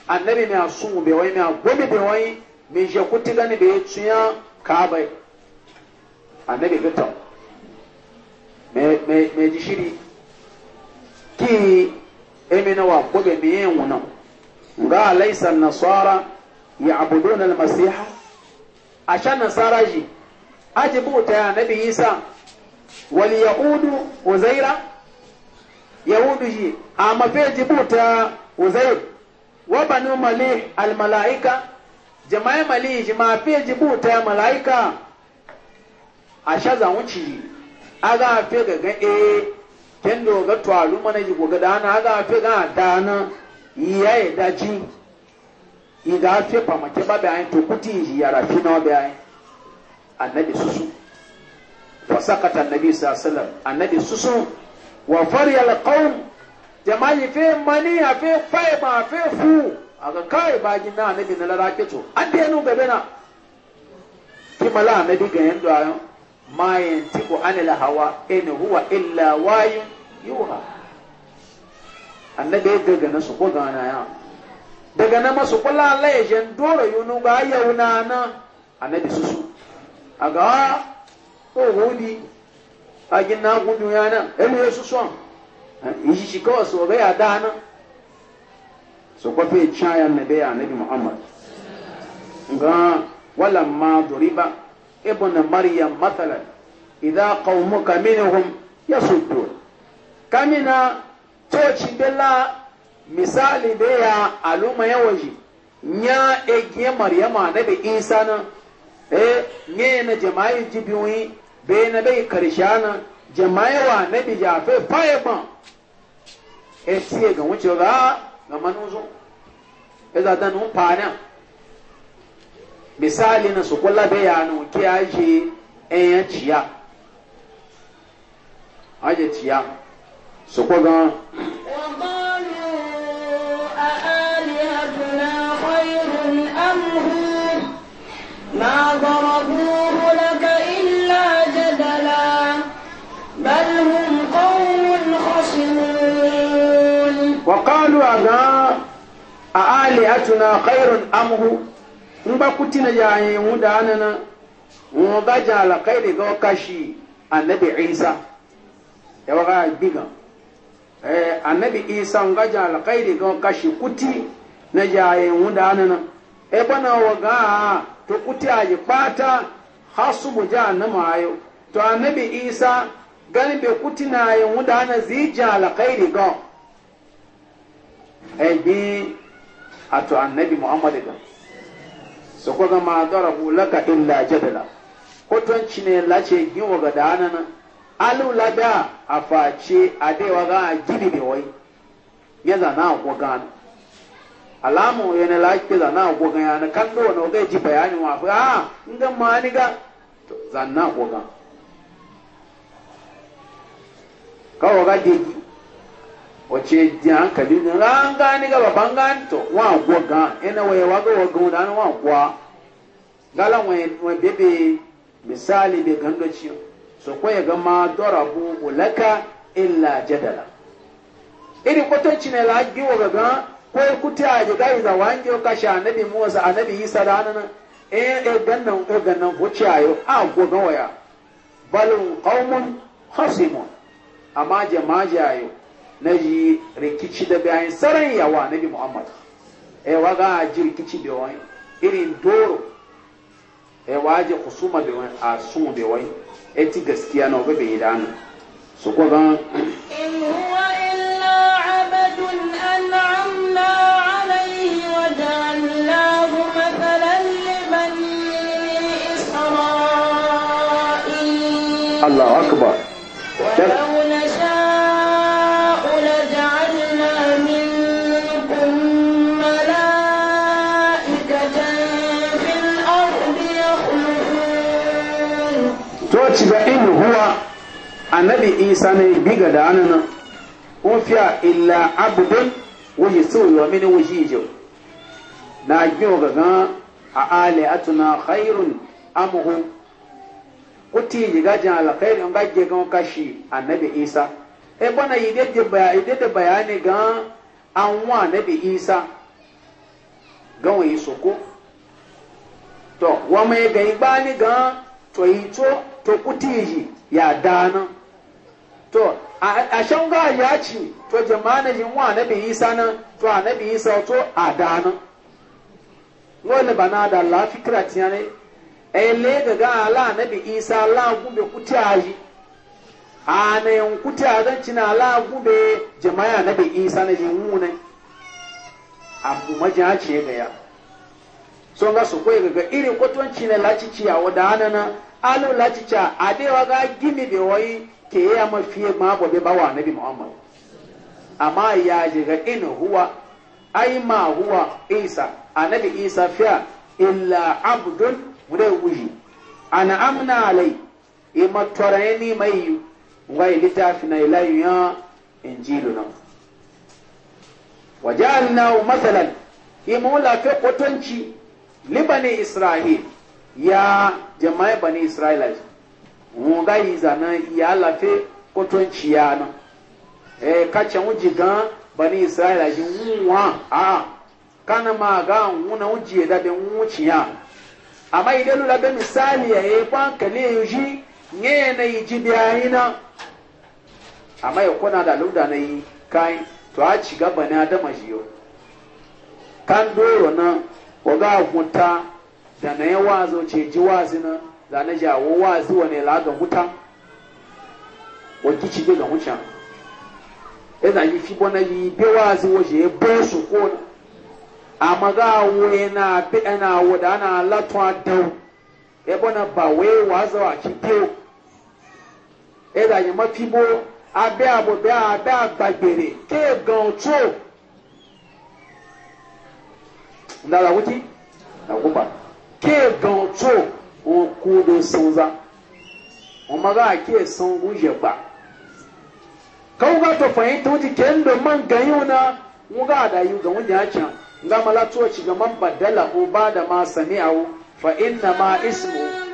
annabi mai asun bewai mai gobe bewai mai shekuti gani da ya kaba anabi gbẹtọ mẹ mẹ mẹ jisiri kii emi wa gbọbẹ mi yẹn wuna nga alaysa nasara ya'buduna al-masiha asha nasara yi aji bota ya anabi isa wal yahudu uzaira yahudu yi ama fe ji bota uzair wa banu malih al-malaika jama'a malih jama'a fe ji bota malaika a sha za wuce a za a fi ga e ken da ga tuwalu mana ji ko da ana a za a fi ga da na iya ya daji i a fi famake ba bayan to kuti ji yara fi na bayan annabi susu wa sakata annabi sallallahu alaihi annabi susu wa fariyal qaum jama'i fi mani a fi fai ma fi fu a ga kai bagin na annabi na lara kito an da yanu gabe na kimala annabi ga yan da ma yantiqu anil hawa in huwa illa wayun yuha annabi daga na su ko gana ya daga na masu kula Allah ya jen doro yunu ga yauna na annabi susu aga ko hudi agin na gudu yana elu yesu son yi shi kawai su ga ya dana su kwafe chayan nabi annabi Muhammad ga walamma duriba ابن مريم مثلا إذا قومك منهم يصدون كمنا توشي بلا misali da ya aluma ya waje nya egiye maryama na bi isa na eh ne na jama'i jibiwi be na bai karshana jama'i wa na bi jafe faye ga wuce ga pa misali na su kula bayanu ke aje ɗayan ciya aje ciya su kuga ما ضربوه لك إلا جدلا بل هم قوم خصمون وقالوا أذا أآلهتنا خير أم هو in ba kuti na yayin mu da hannana mu ga jan alakai da ga kashi anabi isa ya waka biga e, annabi isa mu ga jan alakai da ga kashi kuti na yayin mu da hannana e bana waga to kuti a yi bata hasu mu ja annama ayo to nabi isa ganin bai kuti na yayin mu da hannana zai jan alakai da ga e bi a to anabi muhammadu so ko zama darabu laka illa jadala kotonci ne lace giwa ga danana alu lada a face a daiwa ga a gini da wai ya zana a gogana alamu ya na lake zana a gogana ya na kan do na ga ji bayanin wa fi ha in ga ma ni ga zana a gogana kawo ga dai wace ji hankali ne ran gani ga baban gani to wa gwa ga ina waye wa ga wa ga wa gwa Gala waye wa bebe misali be gando ci so ko ya ga ma darabu ulaka illa jadala iri kwatanci ne la gi wa ga ko ku kuti a ji gai za wange ka sha annabi Musa annabi Isa da nan eh eh gannan eh gannan ko ci ayo a gwa ga waya balun qaumun khasimun amma jama'a jayo na yi rikici da bayan saran yawa na bi muhammad e eh, ga ji rikici da wani irin doro e waje kusuma da wani a sun da wani e ti gaskiya na wabe bai dana su ko ga allah wa akbar ci ga in huwa annabi isa ne biga da anan ufiya illa abdun wuji so yo mini wuji jo na gyo ga ga a ali atuna khairun amhu kuti ji ga jan alkhairin ga ge ga kashi annabi isa e bana yide de bayani ga an wa annabi isa ga yi soko to wa mai ga ni ga to yi to to kutiji ya dana to a shan ya ci to jama'a jin wa nabi isa nan to annabi isa to a dana wani bana da la fikra tiyane ele ga ga ala nabi isa la gube kutiji a na yin kutiya ci na la gube jama'a nabi isa na jin mu ne a kuma jace ga ya sun ga su kwaye ga irin kwatanci na lacici a wadana na alu lachicha wa ga gimi be wai ke ya fie ma be ba wa bi muhammad amma ya je ga in huwa ai ma huwa isa anabi isa fiya illa abdun mure wuji ana amna alai ima torani mai wai litafi na ilayu ya injilu na wajalna masalan imula fi kwatanci libani isra'il ya jama'a bani isra'ila wọn ga yi zana ya lafe kotun ciya na E! kacce wuji gan bani isra'ila ji a kana ma ga wuna wuji da ben wuciya amma idan lura da misali ya yi kwan kale yuji nye na yi ji yi na amma ya kuna da lura na yi kai to a ci gaba na adama jiyo kan doro na ga hunta da na ya wazo ce ji wazi na da na jawo wazi wane la ga wuta wakici ga wuta ina yi fi bona yi be wazi waje ya bo su ko amma ga yana na be na wada na latwa dau e bona ba we wazo a ki pe ina yi mafi bo abe abo be abe agbagbere ke gan to ndala wuti na gupa ke gauto o kudo soza o maga ke sun guje ba kau ga to fahimta wuce ken do man ganyo na muga da yu ga wanda ya can ga malatuwa ci ga man badala o ba da ma sami'au fa inna ma ismu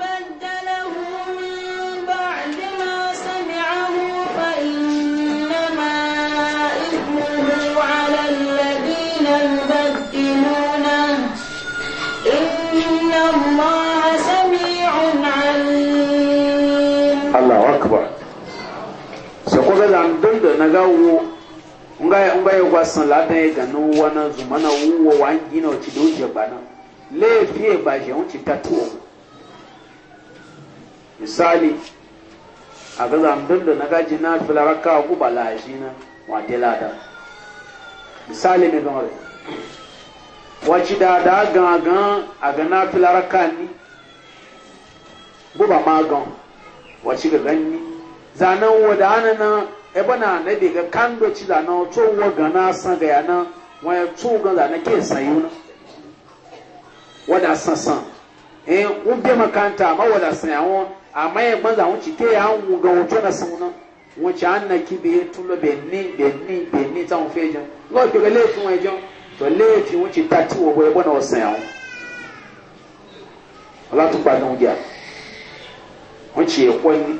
zan dondo na ga wo nga nga ye wasan la dan ye wa wana zuma na wo wa ngina ti do je na le fie ba je on ti tatu misali a aga zan dondo na ga jina fila raka ku bala jina wa delada misali me gori wace da da gangan a ga na fila raka ni buba magan wace ga ganni zanen wadana na ebe na na ga kan do ci da na to wo ga na san ya na wa ya to ga da na ke san yu na san san eh u bi makanta ma wada san ya won gbanza won ci ya wu ga wo to na san na ci an na ki be tu lo be ni be ni be ni ta won fe lo le to le won ta ti wo bo ebe na o san ya won ala pa ja won e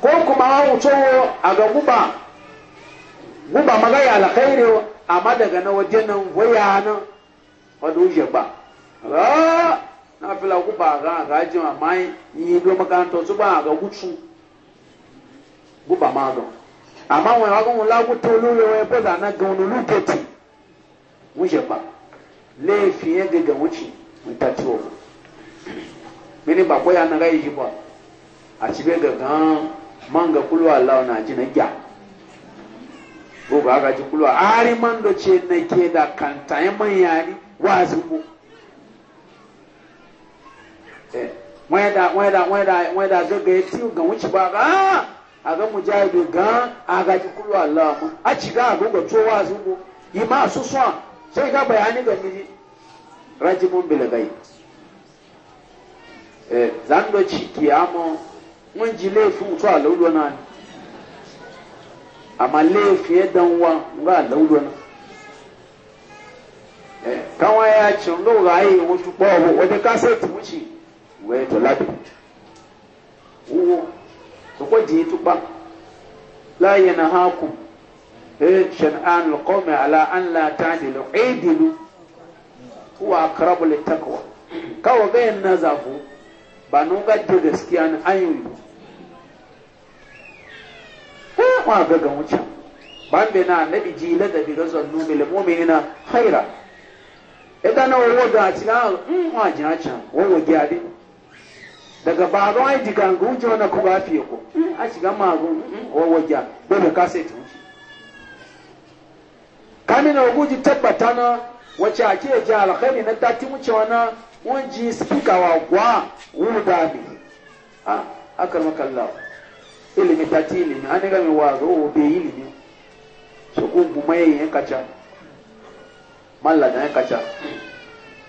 ko kuma hawo cowo a ga guba guba maga ya alkhairi amma daga na waje nan waya nan wanda uje ba na fila guba ga ga ji ma mai yi do makanto su ba ga gucu guba ma ga amma wani wagon wula gutu lulu wani da na ga wani luketi uje ba laifin ya gaga wuce mutaciwo mini ba ko ya na ga yi ba a cibe ga Manga ga kulwa Allah na ji na gya ko ba ga ji kulwa ari man do ce na ke da kanta ya man yani wazin mu eh wai da wai da wai da wai da ga ga ti ga wuce ba ga a ga mujahidu ga a ga ji kulwa Allah mu a ci ga ga ga to wazin mu yi ma su so sai ga bayani ga ni rajimun bil ghaib eh zan do ci kiyamo wọn ji laifin to a laulo na ma laifin ya danwa ga a na káwọn ya ci ń lóra ayé wọn tún pọ̀ ọ̀hún ọdẹ kásẹ̀tì mú sí ìwé ètò lábẹ́ wúwo sọ́kọ́ dìé tó pa láàyè náà hàn kù ẹ̀ ṣẹ̀nán lọ́kọ́mẹ̀ àlà ànlá tàdìlù ẹ̀ẹ́dìlù na na kwa ga ga wucin bambe na nabi ladabi ga zannu bil mu'minina khaira idan na wo a ci na in wa ji can wo wo gi daga ba a ai ji kan gujo na ku ba fiye ko a ci ma gun wo wo gi dole ka sai tuci kamina wo guji tabbata na wace ake ji alkhairi na tati wuce wana won ji spika wa gwa wuda bi a ah, akar makallawa ilimi tati t'ilimi, ani ga mi waaga o oh, be ilimi soko guma ye yen kaca ma ladan ye kaca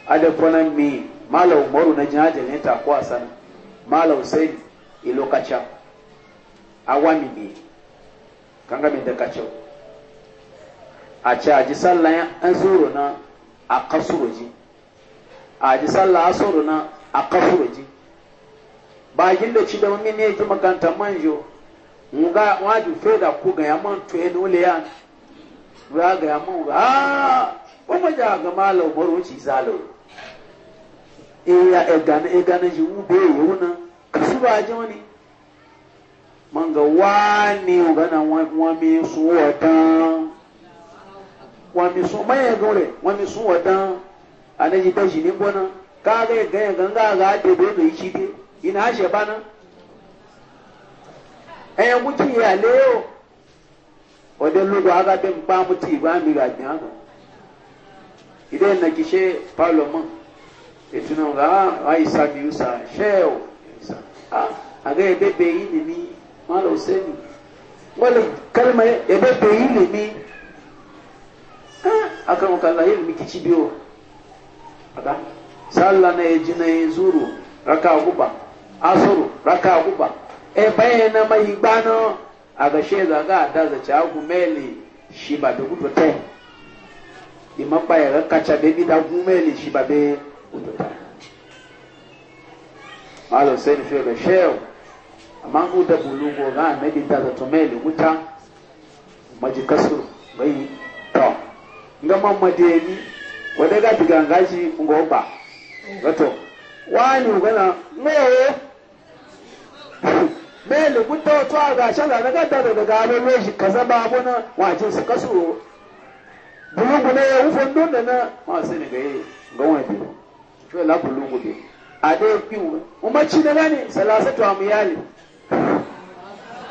ale kɔnɔ mi mala umaru na jɛn ajɛlen ta ko asana mala se, ilo kacha awami mi mi kanga mi da kaca a ce aji ji sallah an na a kasuro aji a sallah a soro na a kasuro ba yinda ci da wani ne ji makanta manjo nga waju feda ku ga yaman to en ule ya ga ga yaman ga ah o ma ja ga mala o boro ci zalo e ya e dan e dan ji u be yuna kasu ba ji wani manga wani o ga na wa mi su watan wa mi su mai ga ule wa mi su watan anaji ta shi ni bona ka ga ga ga ga ga de be no ichi de ina ṣe bá ná ẹ̀yàn mú ale o ọdẹ lódò agábẹ́ ń pa mú tí mi rà jẹ́ àná ìdẹ́ ìnàkí ṣe pálọ̀ mọ́ ètò náà rà á ìsà mi ìsà ṣẹ́ ẹ̀ o ìsà àgẹ́ ẹ̀bẹ̀bẹ̀ yìí nìní wọn lọ sẹ́nu wọ́n lè kálímà ẹ̀bẹ̀bẹ̀ yìí nìní akan kalla yin miki cibiyo aga ah, sallah na yaji na yin zuru raka guba asuru raka guba e bayyana mai gbano a ga she za ga da za ta gumeli shi ba be gudu te imam ba kacha be bi da gumeli shi ba be gudu ta malo sai ni ga shew amma ku da bulugo ga me di da za to meli guta maji kasuru bai to ngama madeni wadaga digangaji ngoba gato wani ugana meyo mele gudda wato a gashin da na da daga gano loji ka zaba abuna wajin su kaso bulugu ne ya wufan don da na masu ne ga yi ga wani biyu shi la bulugu ne a ɗaya biyu umarci na gani salasatu a muyali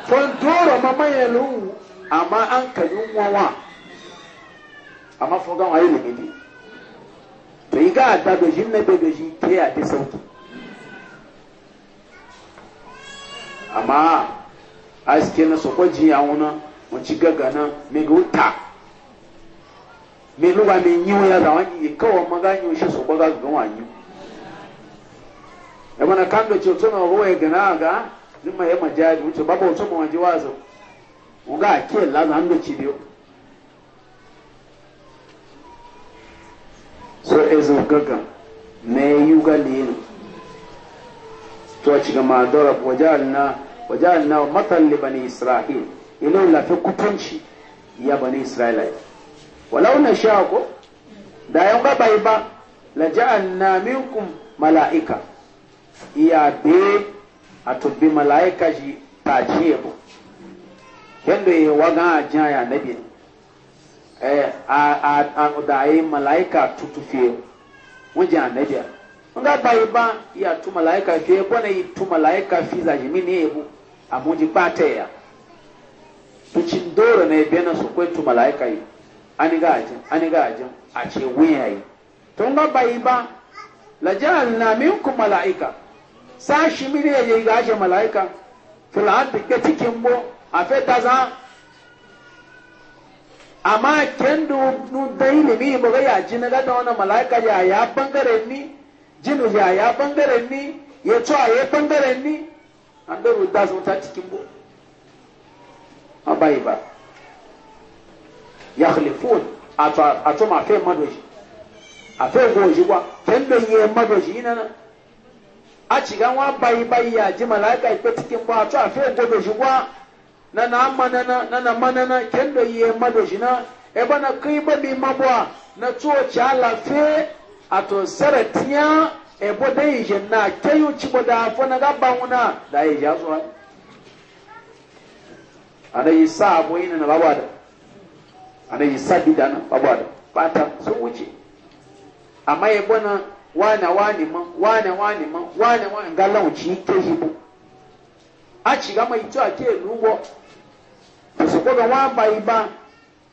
fondoro ma manyan luwu amma an kalin wawa amma fogon a yi limiti to yi ga a dadoji na dadoji ke a ta sauki amma aske na sokwa ji ya wuna wanci gaga na me ga wuta me luwa me yi ya da wani kawai magani shi sokwa ga ga wani ya mana kan da ce tuna ruwa ya gana ga zuma ya majaji wuce babu wata mu waje wazo mu ga ke la zan da ci biyo so ezo gaga me yuga lino to ci ga madara wajalna wajalna matan li bani isra'il ina la fi kutanci ya bani isra'ila walau na sha ko da yan ga bai ba la ja'alna minkum mala'ika iya be a tubbi mala'ika ji ta jiye bu kendo ya waga ajan ya nabi eh a a da yi mala'ika tutufe wajen nabi nga yi ba iya tu malaika fi ebo na yi tu malaika fi za jimi ne ebo amuji kpate ya tu cindoro na ebe na sokwe tu malaika yi ani ga aje ani ga aje a ce wuya yi to nga bayi ba la ja'alna minkum malaika sa shi mi ne yi ga aje malaika fil ardi ke cikin bo a fe ta za amma kendo nu dai ne mi mo ga ya ji na ga da wannan malaika ya ya bangare ni jino ya ya bangaren ni ya to a ya bangaren ni an da sun ta cikin a ba ya khalifun a to ma fe madoji a fe goji fen da madoji ina na a wa ya ji malaka ita cikin a to a fe goji na na manana na na manana ken da madoji na e bana kai ba bi mabwa na to fe ato sara tiya ebo da yije na keyu cibo da fo na ga bawuna da yije azuwa ana yi sa abu ina na babu adam ana yi sa bida na babu adam bata sun wuce amma ebo na wane wane ma wane wane ma wane wane ga launci ke yi bu a ci gama ito a ke lugo to su koga wa bai ba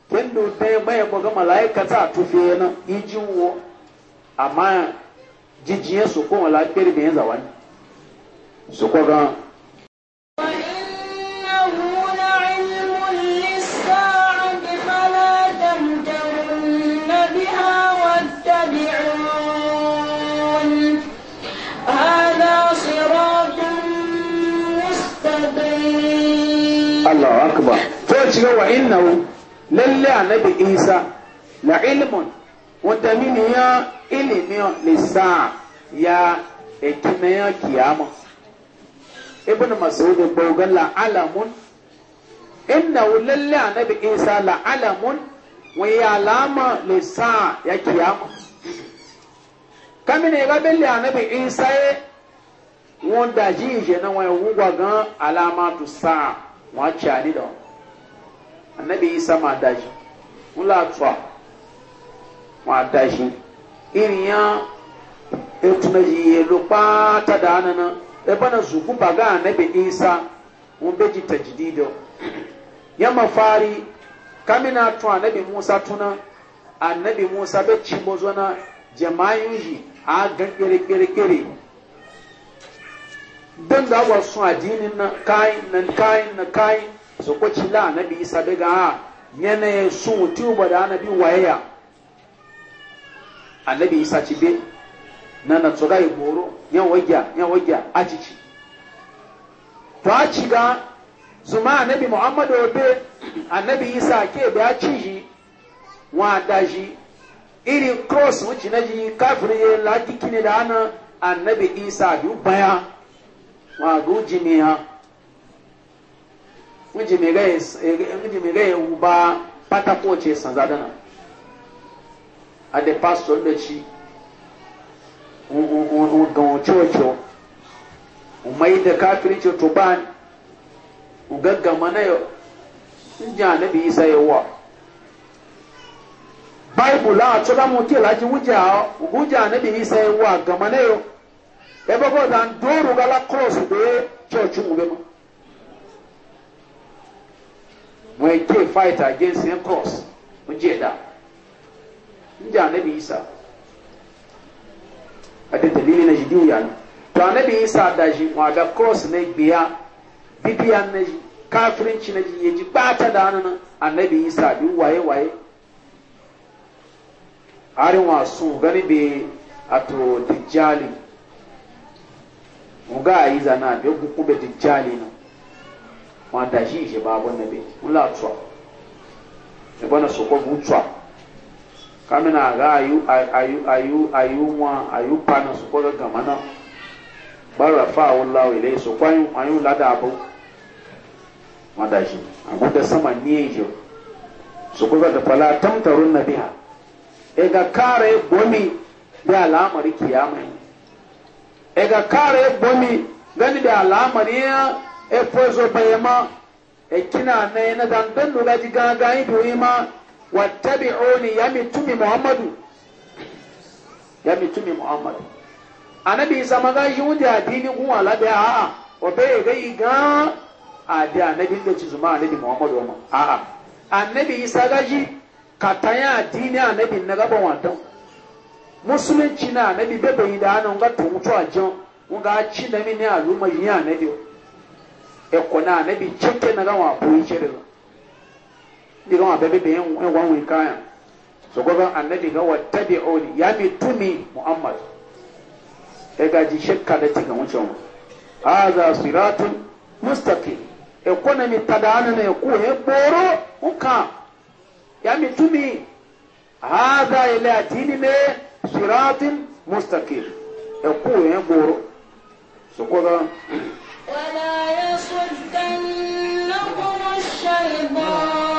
kendo ta yi mai gama malaika ta tufe na ijin wo amma jijiye su ko wala kiri bin zawan su ko gan Allah akbar to ciga wa innahu lalle annabi Isa la ilmun wataminiya ilimiyo lisaa ya ekimeya kiyama ibn masud boga la alamun innahu lalle anabi isa la alamun wọn yi alama lisaa ya kiyama kamini ga bele anabi isa ye wọn daji ije na wọn wugwa gan alamatu saa wọn a ci ani dɔn isa ma daji wọn la wọn adaṣi iriyan etuna yiye lo kpaata daana na ebe na zuku baga anabi isa wọn bɛ ji dọ yẹn yamma fari kamina tun anabi musa tuna anabi musa bɛ ci mọzọ na jama'in yi a gan kere kere kere don da wa sun addinin na Kai, na Kai, na kai su la anabi isa bɛ ga ha yanayin sun tuba da anabi wayaya annabi isa ci be na na tsoga yi goro ya wajya yan wagya acici to a ci ga zuma annabi muhammadu obe annabi isa ke be a ci shi wa da shi iri cross wuce na ji kafin ya laki kini da ana annabi isa biyu baya wa ga ujimi ha ujimi ga ya wuba patako ce sanzadana ade pastor ndo chi un don chocho umai e da kafirin ce to ban ugaggama na yau sun ji annabi isa yawa bible a tura mu ke laji wuja wuja annabi isa yawa gama na yau ebe ko dan doru gala cross be church mu be mu we ke fight against him cross mu je da inji annabi isa a dalili na jidin ya ne to annabi isa da wada cross na biya bibiyan na ji kafirinci na ji ya bata da hannun annabi isa bi waye waye harin wasu gani be a to dijjali mu ga zana be gugu be dijjali na wanda shi shi babu na be mula tsuwa ibana kamina ga ayu ayu ayu ayu wa ayu pana su ko ga mana bara fa wallahi ilai su kwayu ayu lada abu shi. abu da sama ne je su ko ga fala tamtarun nabiha e ga kare gomi da al'amari kiyama e ga kare gomi gani da al'amari e fozo bayama e kina ne na dan dan lura ji gaga yi ma wattabi'uni ya mitumi muhammadu ya mitumi muhammadu anabi isa maga yiwu da addini kun ala da a'a obe ga iga a da anabi da ci zuma anabi muhammadu ma a'a anabi isa ga yi katanya addini anabi na gaban watan musulunci na anabi bebe yi da ana nga tun mutu ajan nga ci da mini aluma yi anabi ekona anabi cikin na gawa boye shirin diga wa bɛbi bɛn wani wani wani kaya sogoba annabi ga wata bi oli ya mi tumi muhammad e ga ji shakka da tiga wancan haza siratun mustaqim e kona mi tadana ne ku he boro uka ya mi tumi haza ila dini me siratun mustaqim e ku he boro sogoba ولا يصدنكم الشيطان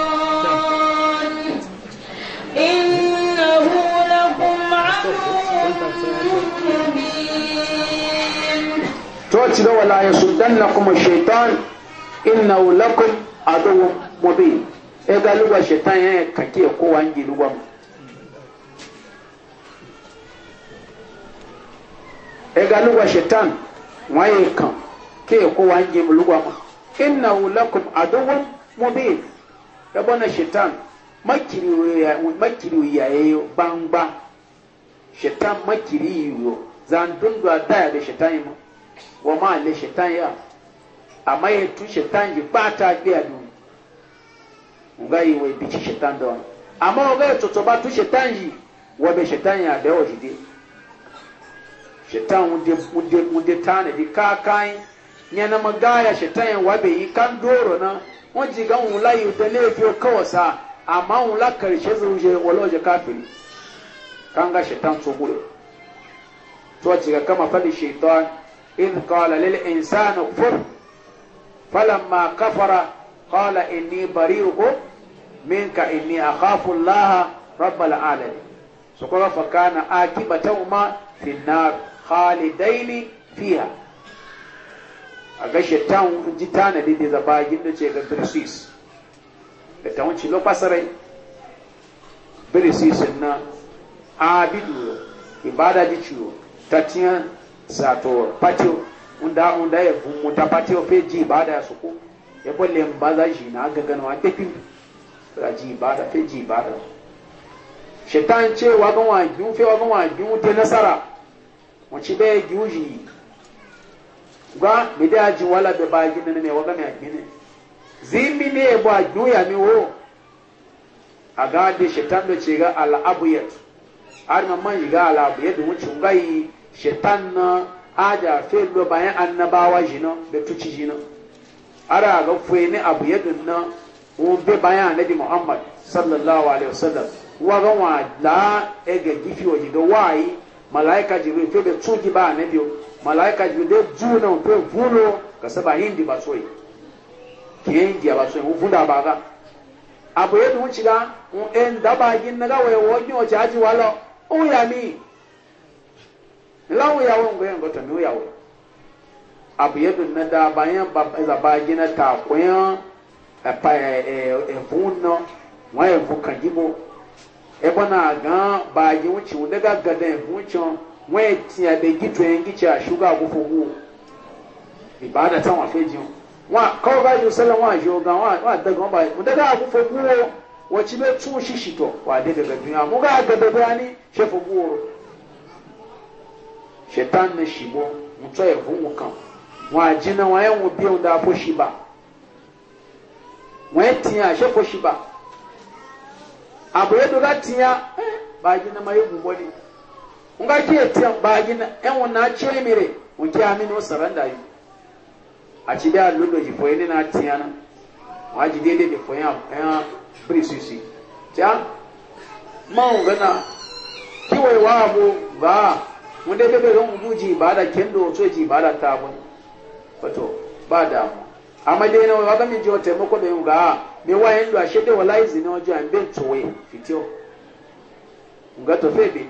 توتي دو ولا يصدنكم الشيطان إنه لكم عدو مبين إذا ya الشيطان كاكي يقوى أنجي لغا إذا لغا الشيطان waye kan ke ko wange mulugwa ma innahu lakum mubin Ya bana shaitan makiri ya makiri ya yayo bangba shaitan makiri yo zan dundu a daya da shaitan yi wa ma le shaitan ya amma ya tu shaitan ji ba ta biya du ga yi wai bici shaitan da wani amma ga ya tsotso ba tu shaitan yi wa bai shaitan ya da yawa shi dai shaitan wunde tanadi kakan yana magaya shaitan wa bai yi kan doro na wọ́n ti gan òun láyé ìtẹ́lẹ́ fi kọ́wọ̀sá àmọ́ òun lákàrìṣẹ́ sí oúnjẹ wọlọ́ọ̀jẹ́ káfíìn kanga shaitan tsogo to ciga kama fadi shaitan in kala lil insani kufur falamma kafara qala inni bari'u minka inni akhafu allaha rabbal alamin so kuma ba kana akibatahuma fi nar khalidaini fiya a ga shaitan ji tanadi da zabagin da ce ga birsis da ta wuce lokasarai birsisin na abidu ibada jichu tatiya zato patio unda unda ya e vumuta patio feji ibada ya suku ya le mbaza jina na gagana wa tepi ra ji ibada feji ibada shetan che wa gan wa giun fe wa gan wa giun te nasara mu ci be giun ji gba mi de aji wala be ba gi nene wa ga mi agbine zimbi ne bo agiun ya wo aga de shetan do ce ga al abuyat har ma yi ga ala bu yadda wucin gai shaitan na aja fe lo bayan annabawa jina da tuci jina ara ga fuye ne abu yadda na won be bayan annabi muhammad sallallahu alaihi wasallam wa ga wa la e ga gifi o ga wai malaika jibril to da tuki ba annabi malaika jibril da juna to vulo kasaba hindi ba soyi kiyen dia ba soyi vunda ba ga abu yadda wucin ga un en daba gin na ga wayo wonyo jaji walo uyami la uyawe ngoyen goto mi uyawe abu yedu na da bayan za ba gina ta koyan e pa evun e, e no wa evu kan jibo e bona gan ba ji wuci u daga gada evun chon wa ti abe gitu en gichi a sugar go fogu ibada tan wa fejin wa ko ga yusallan wa jogan wa wa daga ba daga go fogu wacce mai tsun shi shi to wa dai daga duniya mu ga ga da bayani shefu goro shetan eh, eh, na shibo mutu ya hunwu kan wa jina wa yan wo biyo da fo shi ba wa tiya shefu shi ba abu ya doga tiya ba gina mai gubo ne nga eh, ke tiya ba gina yan wannan cire mire wuke amini o saranda yi a ci da lullo ji fo ne na tiya na wa ji daidai da fo yan birisisi ta man gana kiwai wa abu ba wanda ya bebe don ubu ji ba da kendo so ji ba da ta bu fato ba da mu amma dai na wa mi ji wata mako bai ga me wa yin da shi da wallahi zina wajen an bin towe fitiyo nga to febe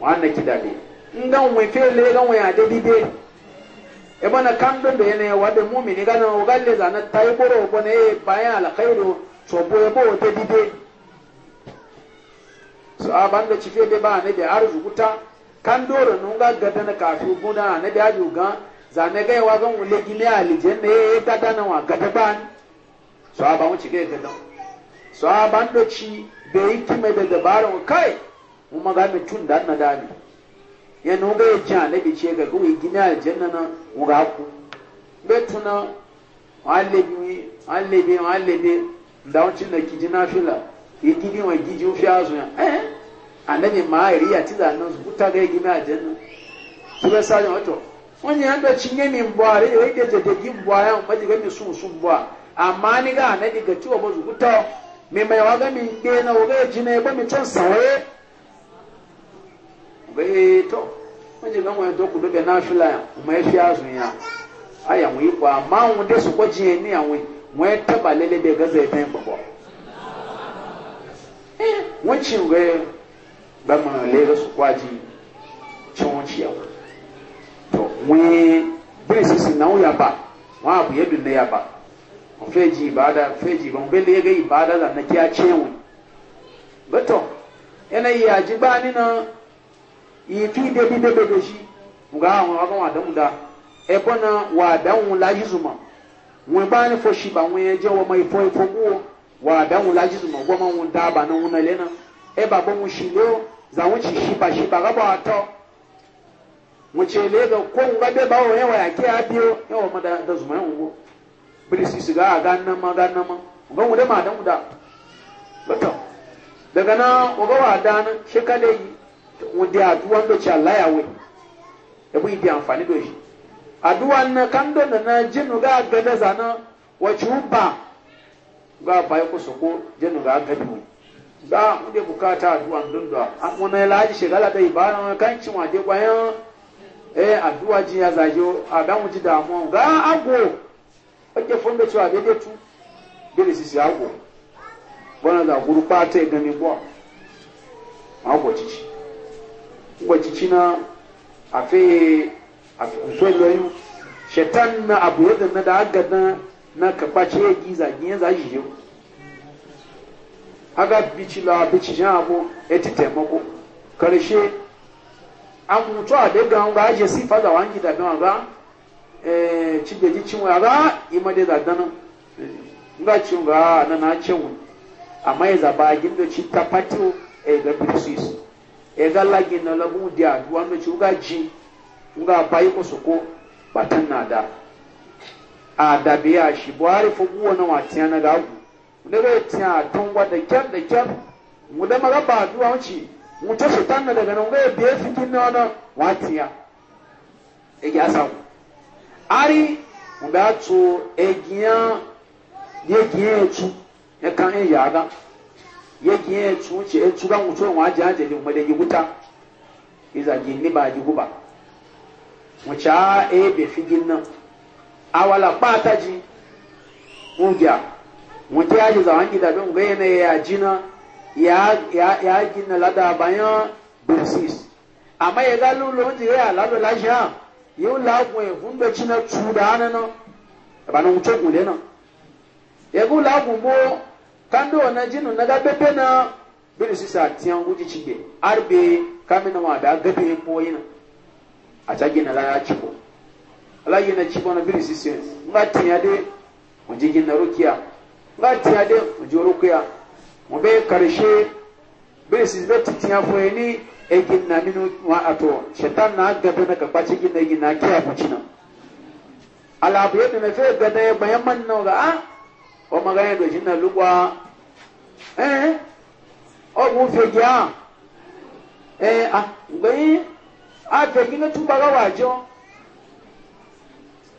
wa na kidade ndan we fele ga wa ya dabibe ebona kando o yene wabe mumini gana ugalle zana taiboro bona eh, baya bayan khairu so bo e bo te dide so abanda chife be ba ne be arzuguta kandoro nunga gadana su buna ne be ajuga zane ga wa gan ule gile alijanna e eh, gadana wa gadaban so abawo chike gadan so abanda chi be ikime be dabaron kai mu me tun dan na dani yana nuga ya ji anabi ce ga kawai gina aljanna na wuraku. ku betu na alebi alebi alebi da wancin da kiji na fila ya gidi wa giji ufi azu ya eh anabi ma a iriya ti da nan zuta ga gina aljanna su bai sa jan wato wani yanda cinye min buwa da yawai da jajjagi buwa ya maji gami sun sun buwa amma ni ga anabi ga ciwo ba zuta mai mai wa gami ɗaya na wuga ya ji na ya ba mai can sawaye bai to wani ga wani doku bɛ na fila ya mai fi azun ya aya mu yi kwa ma mu da su kwa jiye ni awon mu ya taba lele da gaza ya tayin bɔbɔ. eh wuce ga ba mu lele su kwa ji cin ciya Tɔ mu bai sisi na wuya ba wa abu ya dunne ya ba feji ibada feji ban bai da ya ga ibada da na kiya ce mu bato yana yi aji ba ni na itu bebi bebe da shi ga àwọn ọgbọn wa dan da ẹbọ na wa dan wọn laji zuma wọn bá ní fọṣì bá wọn yẹn jẹ wọn fo ifọ ifọ wa dan wọn laji zuma wọn ma wọn dábàá na wọn na ba na ẹ bá bọ wọn ṣì lé o zàwọn ṣì ṣì bá ṣì bá kábọ àtọ wọn ṣe lé ga kó wọn gbàgbé bá wọn yẹn wà yàkẹ́ àbí o E wọn e ma da da zuma yẹn wọn wọ bírí sisi ga àga nnama ga nnama wọn wọn ma dan da lọtọ daga náà wọn bá wà dáná ṣe kálẹ̀ wunde aduwa ndo cha Allah yawe ebu idi amfani do shi aduwa na kando na na jinu ga gada zana wace ba ga bai ku soko jinu ga gada mu ga unde bukata aduwa ndon do an wona laji shigala dai ba kan cin wade bayan eh aduwa ji ya zajo a dan wuji da mu ga ago ake fondo cewa daidai tu dole sisi ago bana da guru pata ga mi bo ago cici wajici afe a fe a kusuwar yoyin na abu wadda na da aga na na ce ya giza giyan za shi yau Haka bici la bici jan abu ya ti taimako karshe an mutu a daga an ga ajiye sifa da wani gida a ga cibeji cinwa ga ima da zadana nga cinwa na na cewa amma ya zaba gindo ci ta patio a yi su. ega lagi na lagu di aduwa mechi uga ji uga bayi ko soko batan na da ada biya shi buhari fo guwa na watiya na gagu ne ga tiya tongwa da kyar da kyar mu da maga ba aduwa wuci mu ta su tanna daga nan ga biye fikin na na watiya ege asawu ari mu ba to egiya ye giye tu ya kan ya yake ya cuce ya cuga mutu wa ji hajjali kuma da yi wuta iza gini ba ji guba wace a e be fi nan awala kpata ji ugya mutu ya ji zawon gida bin ga yana ya jina ya gina lada bayan bersis amma ya ga lulu wanda ya lalo lajiya yau lagun e ya gunda cina cuda hannun nan ba na mutu gule nan ya ga lagun bo kando wannan jinu na ga bebe na bini sisa tiyan guji cige arbe kame na da gabe hepo a ta na laya ya ala yi cibo na bin sisa nga tiya de mu ji gina rukiya nga tiya de mu ji rukiya mu be karshe bin sisa be titiya fo e gina minu wa ato shetan na gabe na kapache gina gina gina kia kuchina ala abu yadda na fe gada ya bayan man na waga a ah, ọmọ gáyẹn dòjì náà ló wá ẹ ọgùn fèjì á ẹ àgbẹ̀yìn àfẹ̀kí ló tún gbàgbà wà jọ.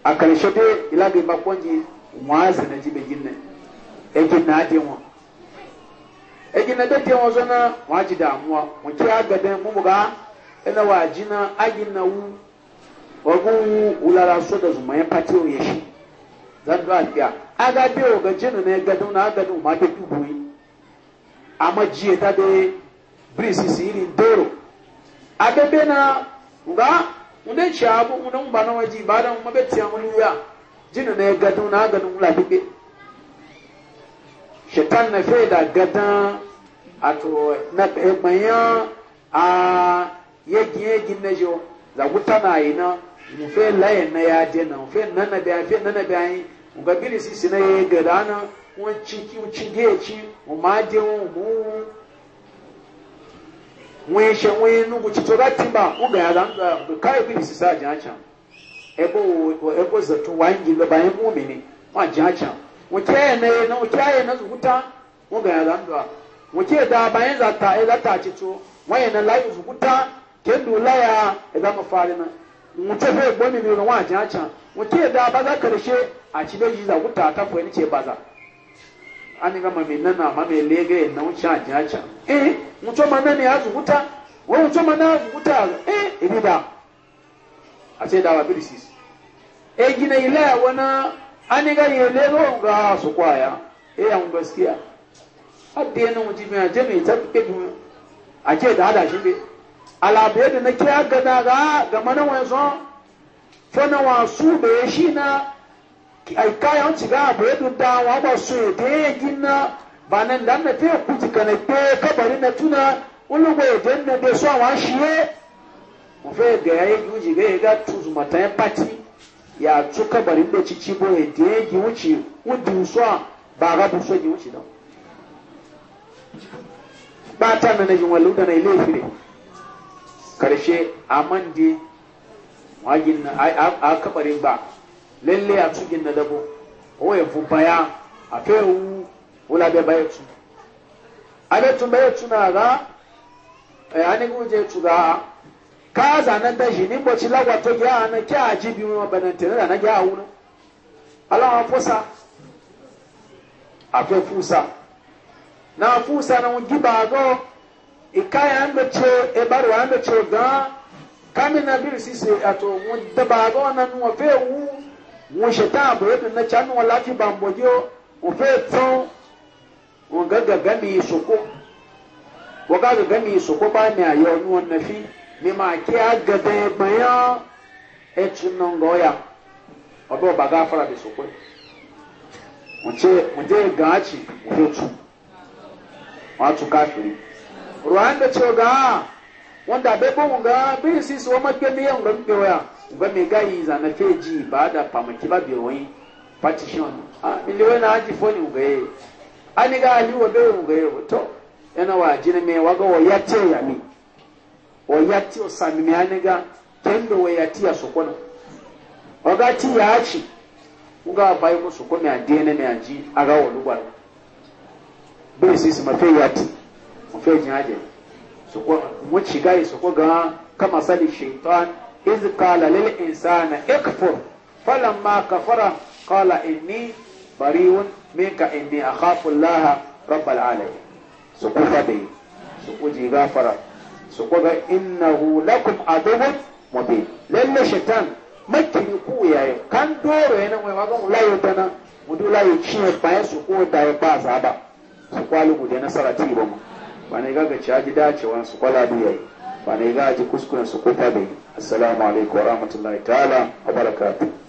àkàlẹ́sọ dé ìlànà ìbápọ́njì wọ́n á sẹ̀nà jí bẹ́jì nẹ ẹjì náà dé wọn ẹjì náà dé wọn sọ́nà wọ́n á jí dààmú wa wọ́n kí àgbẹ̀dẹ̀ múmuga ẹnna wà á jí náà á jí náà wú ọgùn wù wùlára sọ́dọ̀ zùmọ̀ yẹn pàtẹ́wò yẹn ṣì aga bi o ga jinu ne gadu na gadu ma ke tubu yi amma jiye ta de brisi siri doro aga be na nga unde chabu unde na waji bada mabe tiya muluya jinu ne gadu na gadu la bibe shetan na fe da gadan ato na manya a yegi yegi na jo za wuta na yi na mu fe laye na ya je na mu fe na bi a fe na bi a yi nga bili sisi na ye gadana wọn ciki wọn cingeci bili sisi na na na zukuta zata na zukuta kendo laya karshe. a ci bai yi eni ta ta kwai ce mami nana mami lega ya nan cha ja cha eh mutum ma nana ya zuguta wa mutum ma na zuguta eh ibi da a ce da wa bilisis eh gina ila ya wana an ga ya lego ga su kwaya eh an gaskiya hadde na ya je mai ta ke a ce da hada shi be alabe da na kiya ga da ga ga mana wani son fana wasu da ya kayan ci ga abu ya dunda wa ba su ya da ya gina ba nan da na fiye kuji ka na fiye kabari na tuna ulugo ya janna da su awon shi shiye. mu fe ga ya yi uji ga ya ga tuzu mata ya pati ya tu kabarin da ci cibo ya da ya gi wuce udu su a ba ga bu so gi wuce don ba ta na na yi walu da na ile fire karshe amandi wajin a kabarin ba lalle a cikin na dabo o ya fu baya a fe wu wula be baya tu ale tun baya tuna ga eh ani guje tu ga ka za nan da shi ni bo ci lagwa to ga na ki a ji bi mu banan tere da na ga wu na ala wa fusa a fe fusa na fusa na wun giba go ikaya an da ce e barwa an da ce ga kamin na ato wun da ba ga wọn ṣètò àbúrò tó náà chanu wọn láti bá mbọjọ òfé tán wọn gàgàgà mi ìsòkò wọn gàgàgà mi ìsòkò bá ní àyọ ní wọn nàfi ní màá kí agàdà ẹgbẹ̀n ẹtù nà ń lọ́ọ̀yà ọbẹ̀ ọba gà fara bẹ̀ sòkò wọn jẹ wọn jẹ gàáchì òfé tù wọn atù káfíìn rwanda tí o gàá wọn dàbẹ́ bọ́ wọn gàá bí ìsinsìn wọn má gbé mi wọn gbé wọn yà. ba mai gayi zana feji ba da pamaki ba bai wani partition a miliyoyi na haji foni ugaye ani ga ali e wa bai ugaye to yana wa jina me waga wa yati e ya mi wa yati o sami me ani ga kendo wa yati ya sokona waga ti ya achi uga bai ko sokona me adene me aji aga wa lugwa bai sisi ma mafe yati Ma mafe jin haje sokona mu ci gayi sokoga kama sali shaitan إذ قال للإنسان اكفر فلما كفر قال إني بريء منك إني أخاف الله رب العالمين سقوط به سقوط غافرة سقوط إنه لكم عدو مبين لأن شيطان makiri ku yayi kan doro yana mai magan layo dana mudu layo cinye bayan su ko da ya ba zaba su kwalu gude nasara ti ba mu ba ne ga ga ci dacewa su kwala biyayi ba ji bai assalamu alaikum wa rahmatullahi ta'ala wa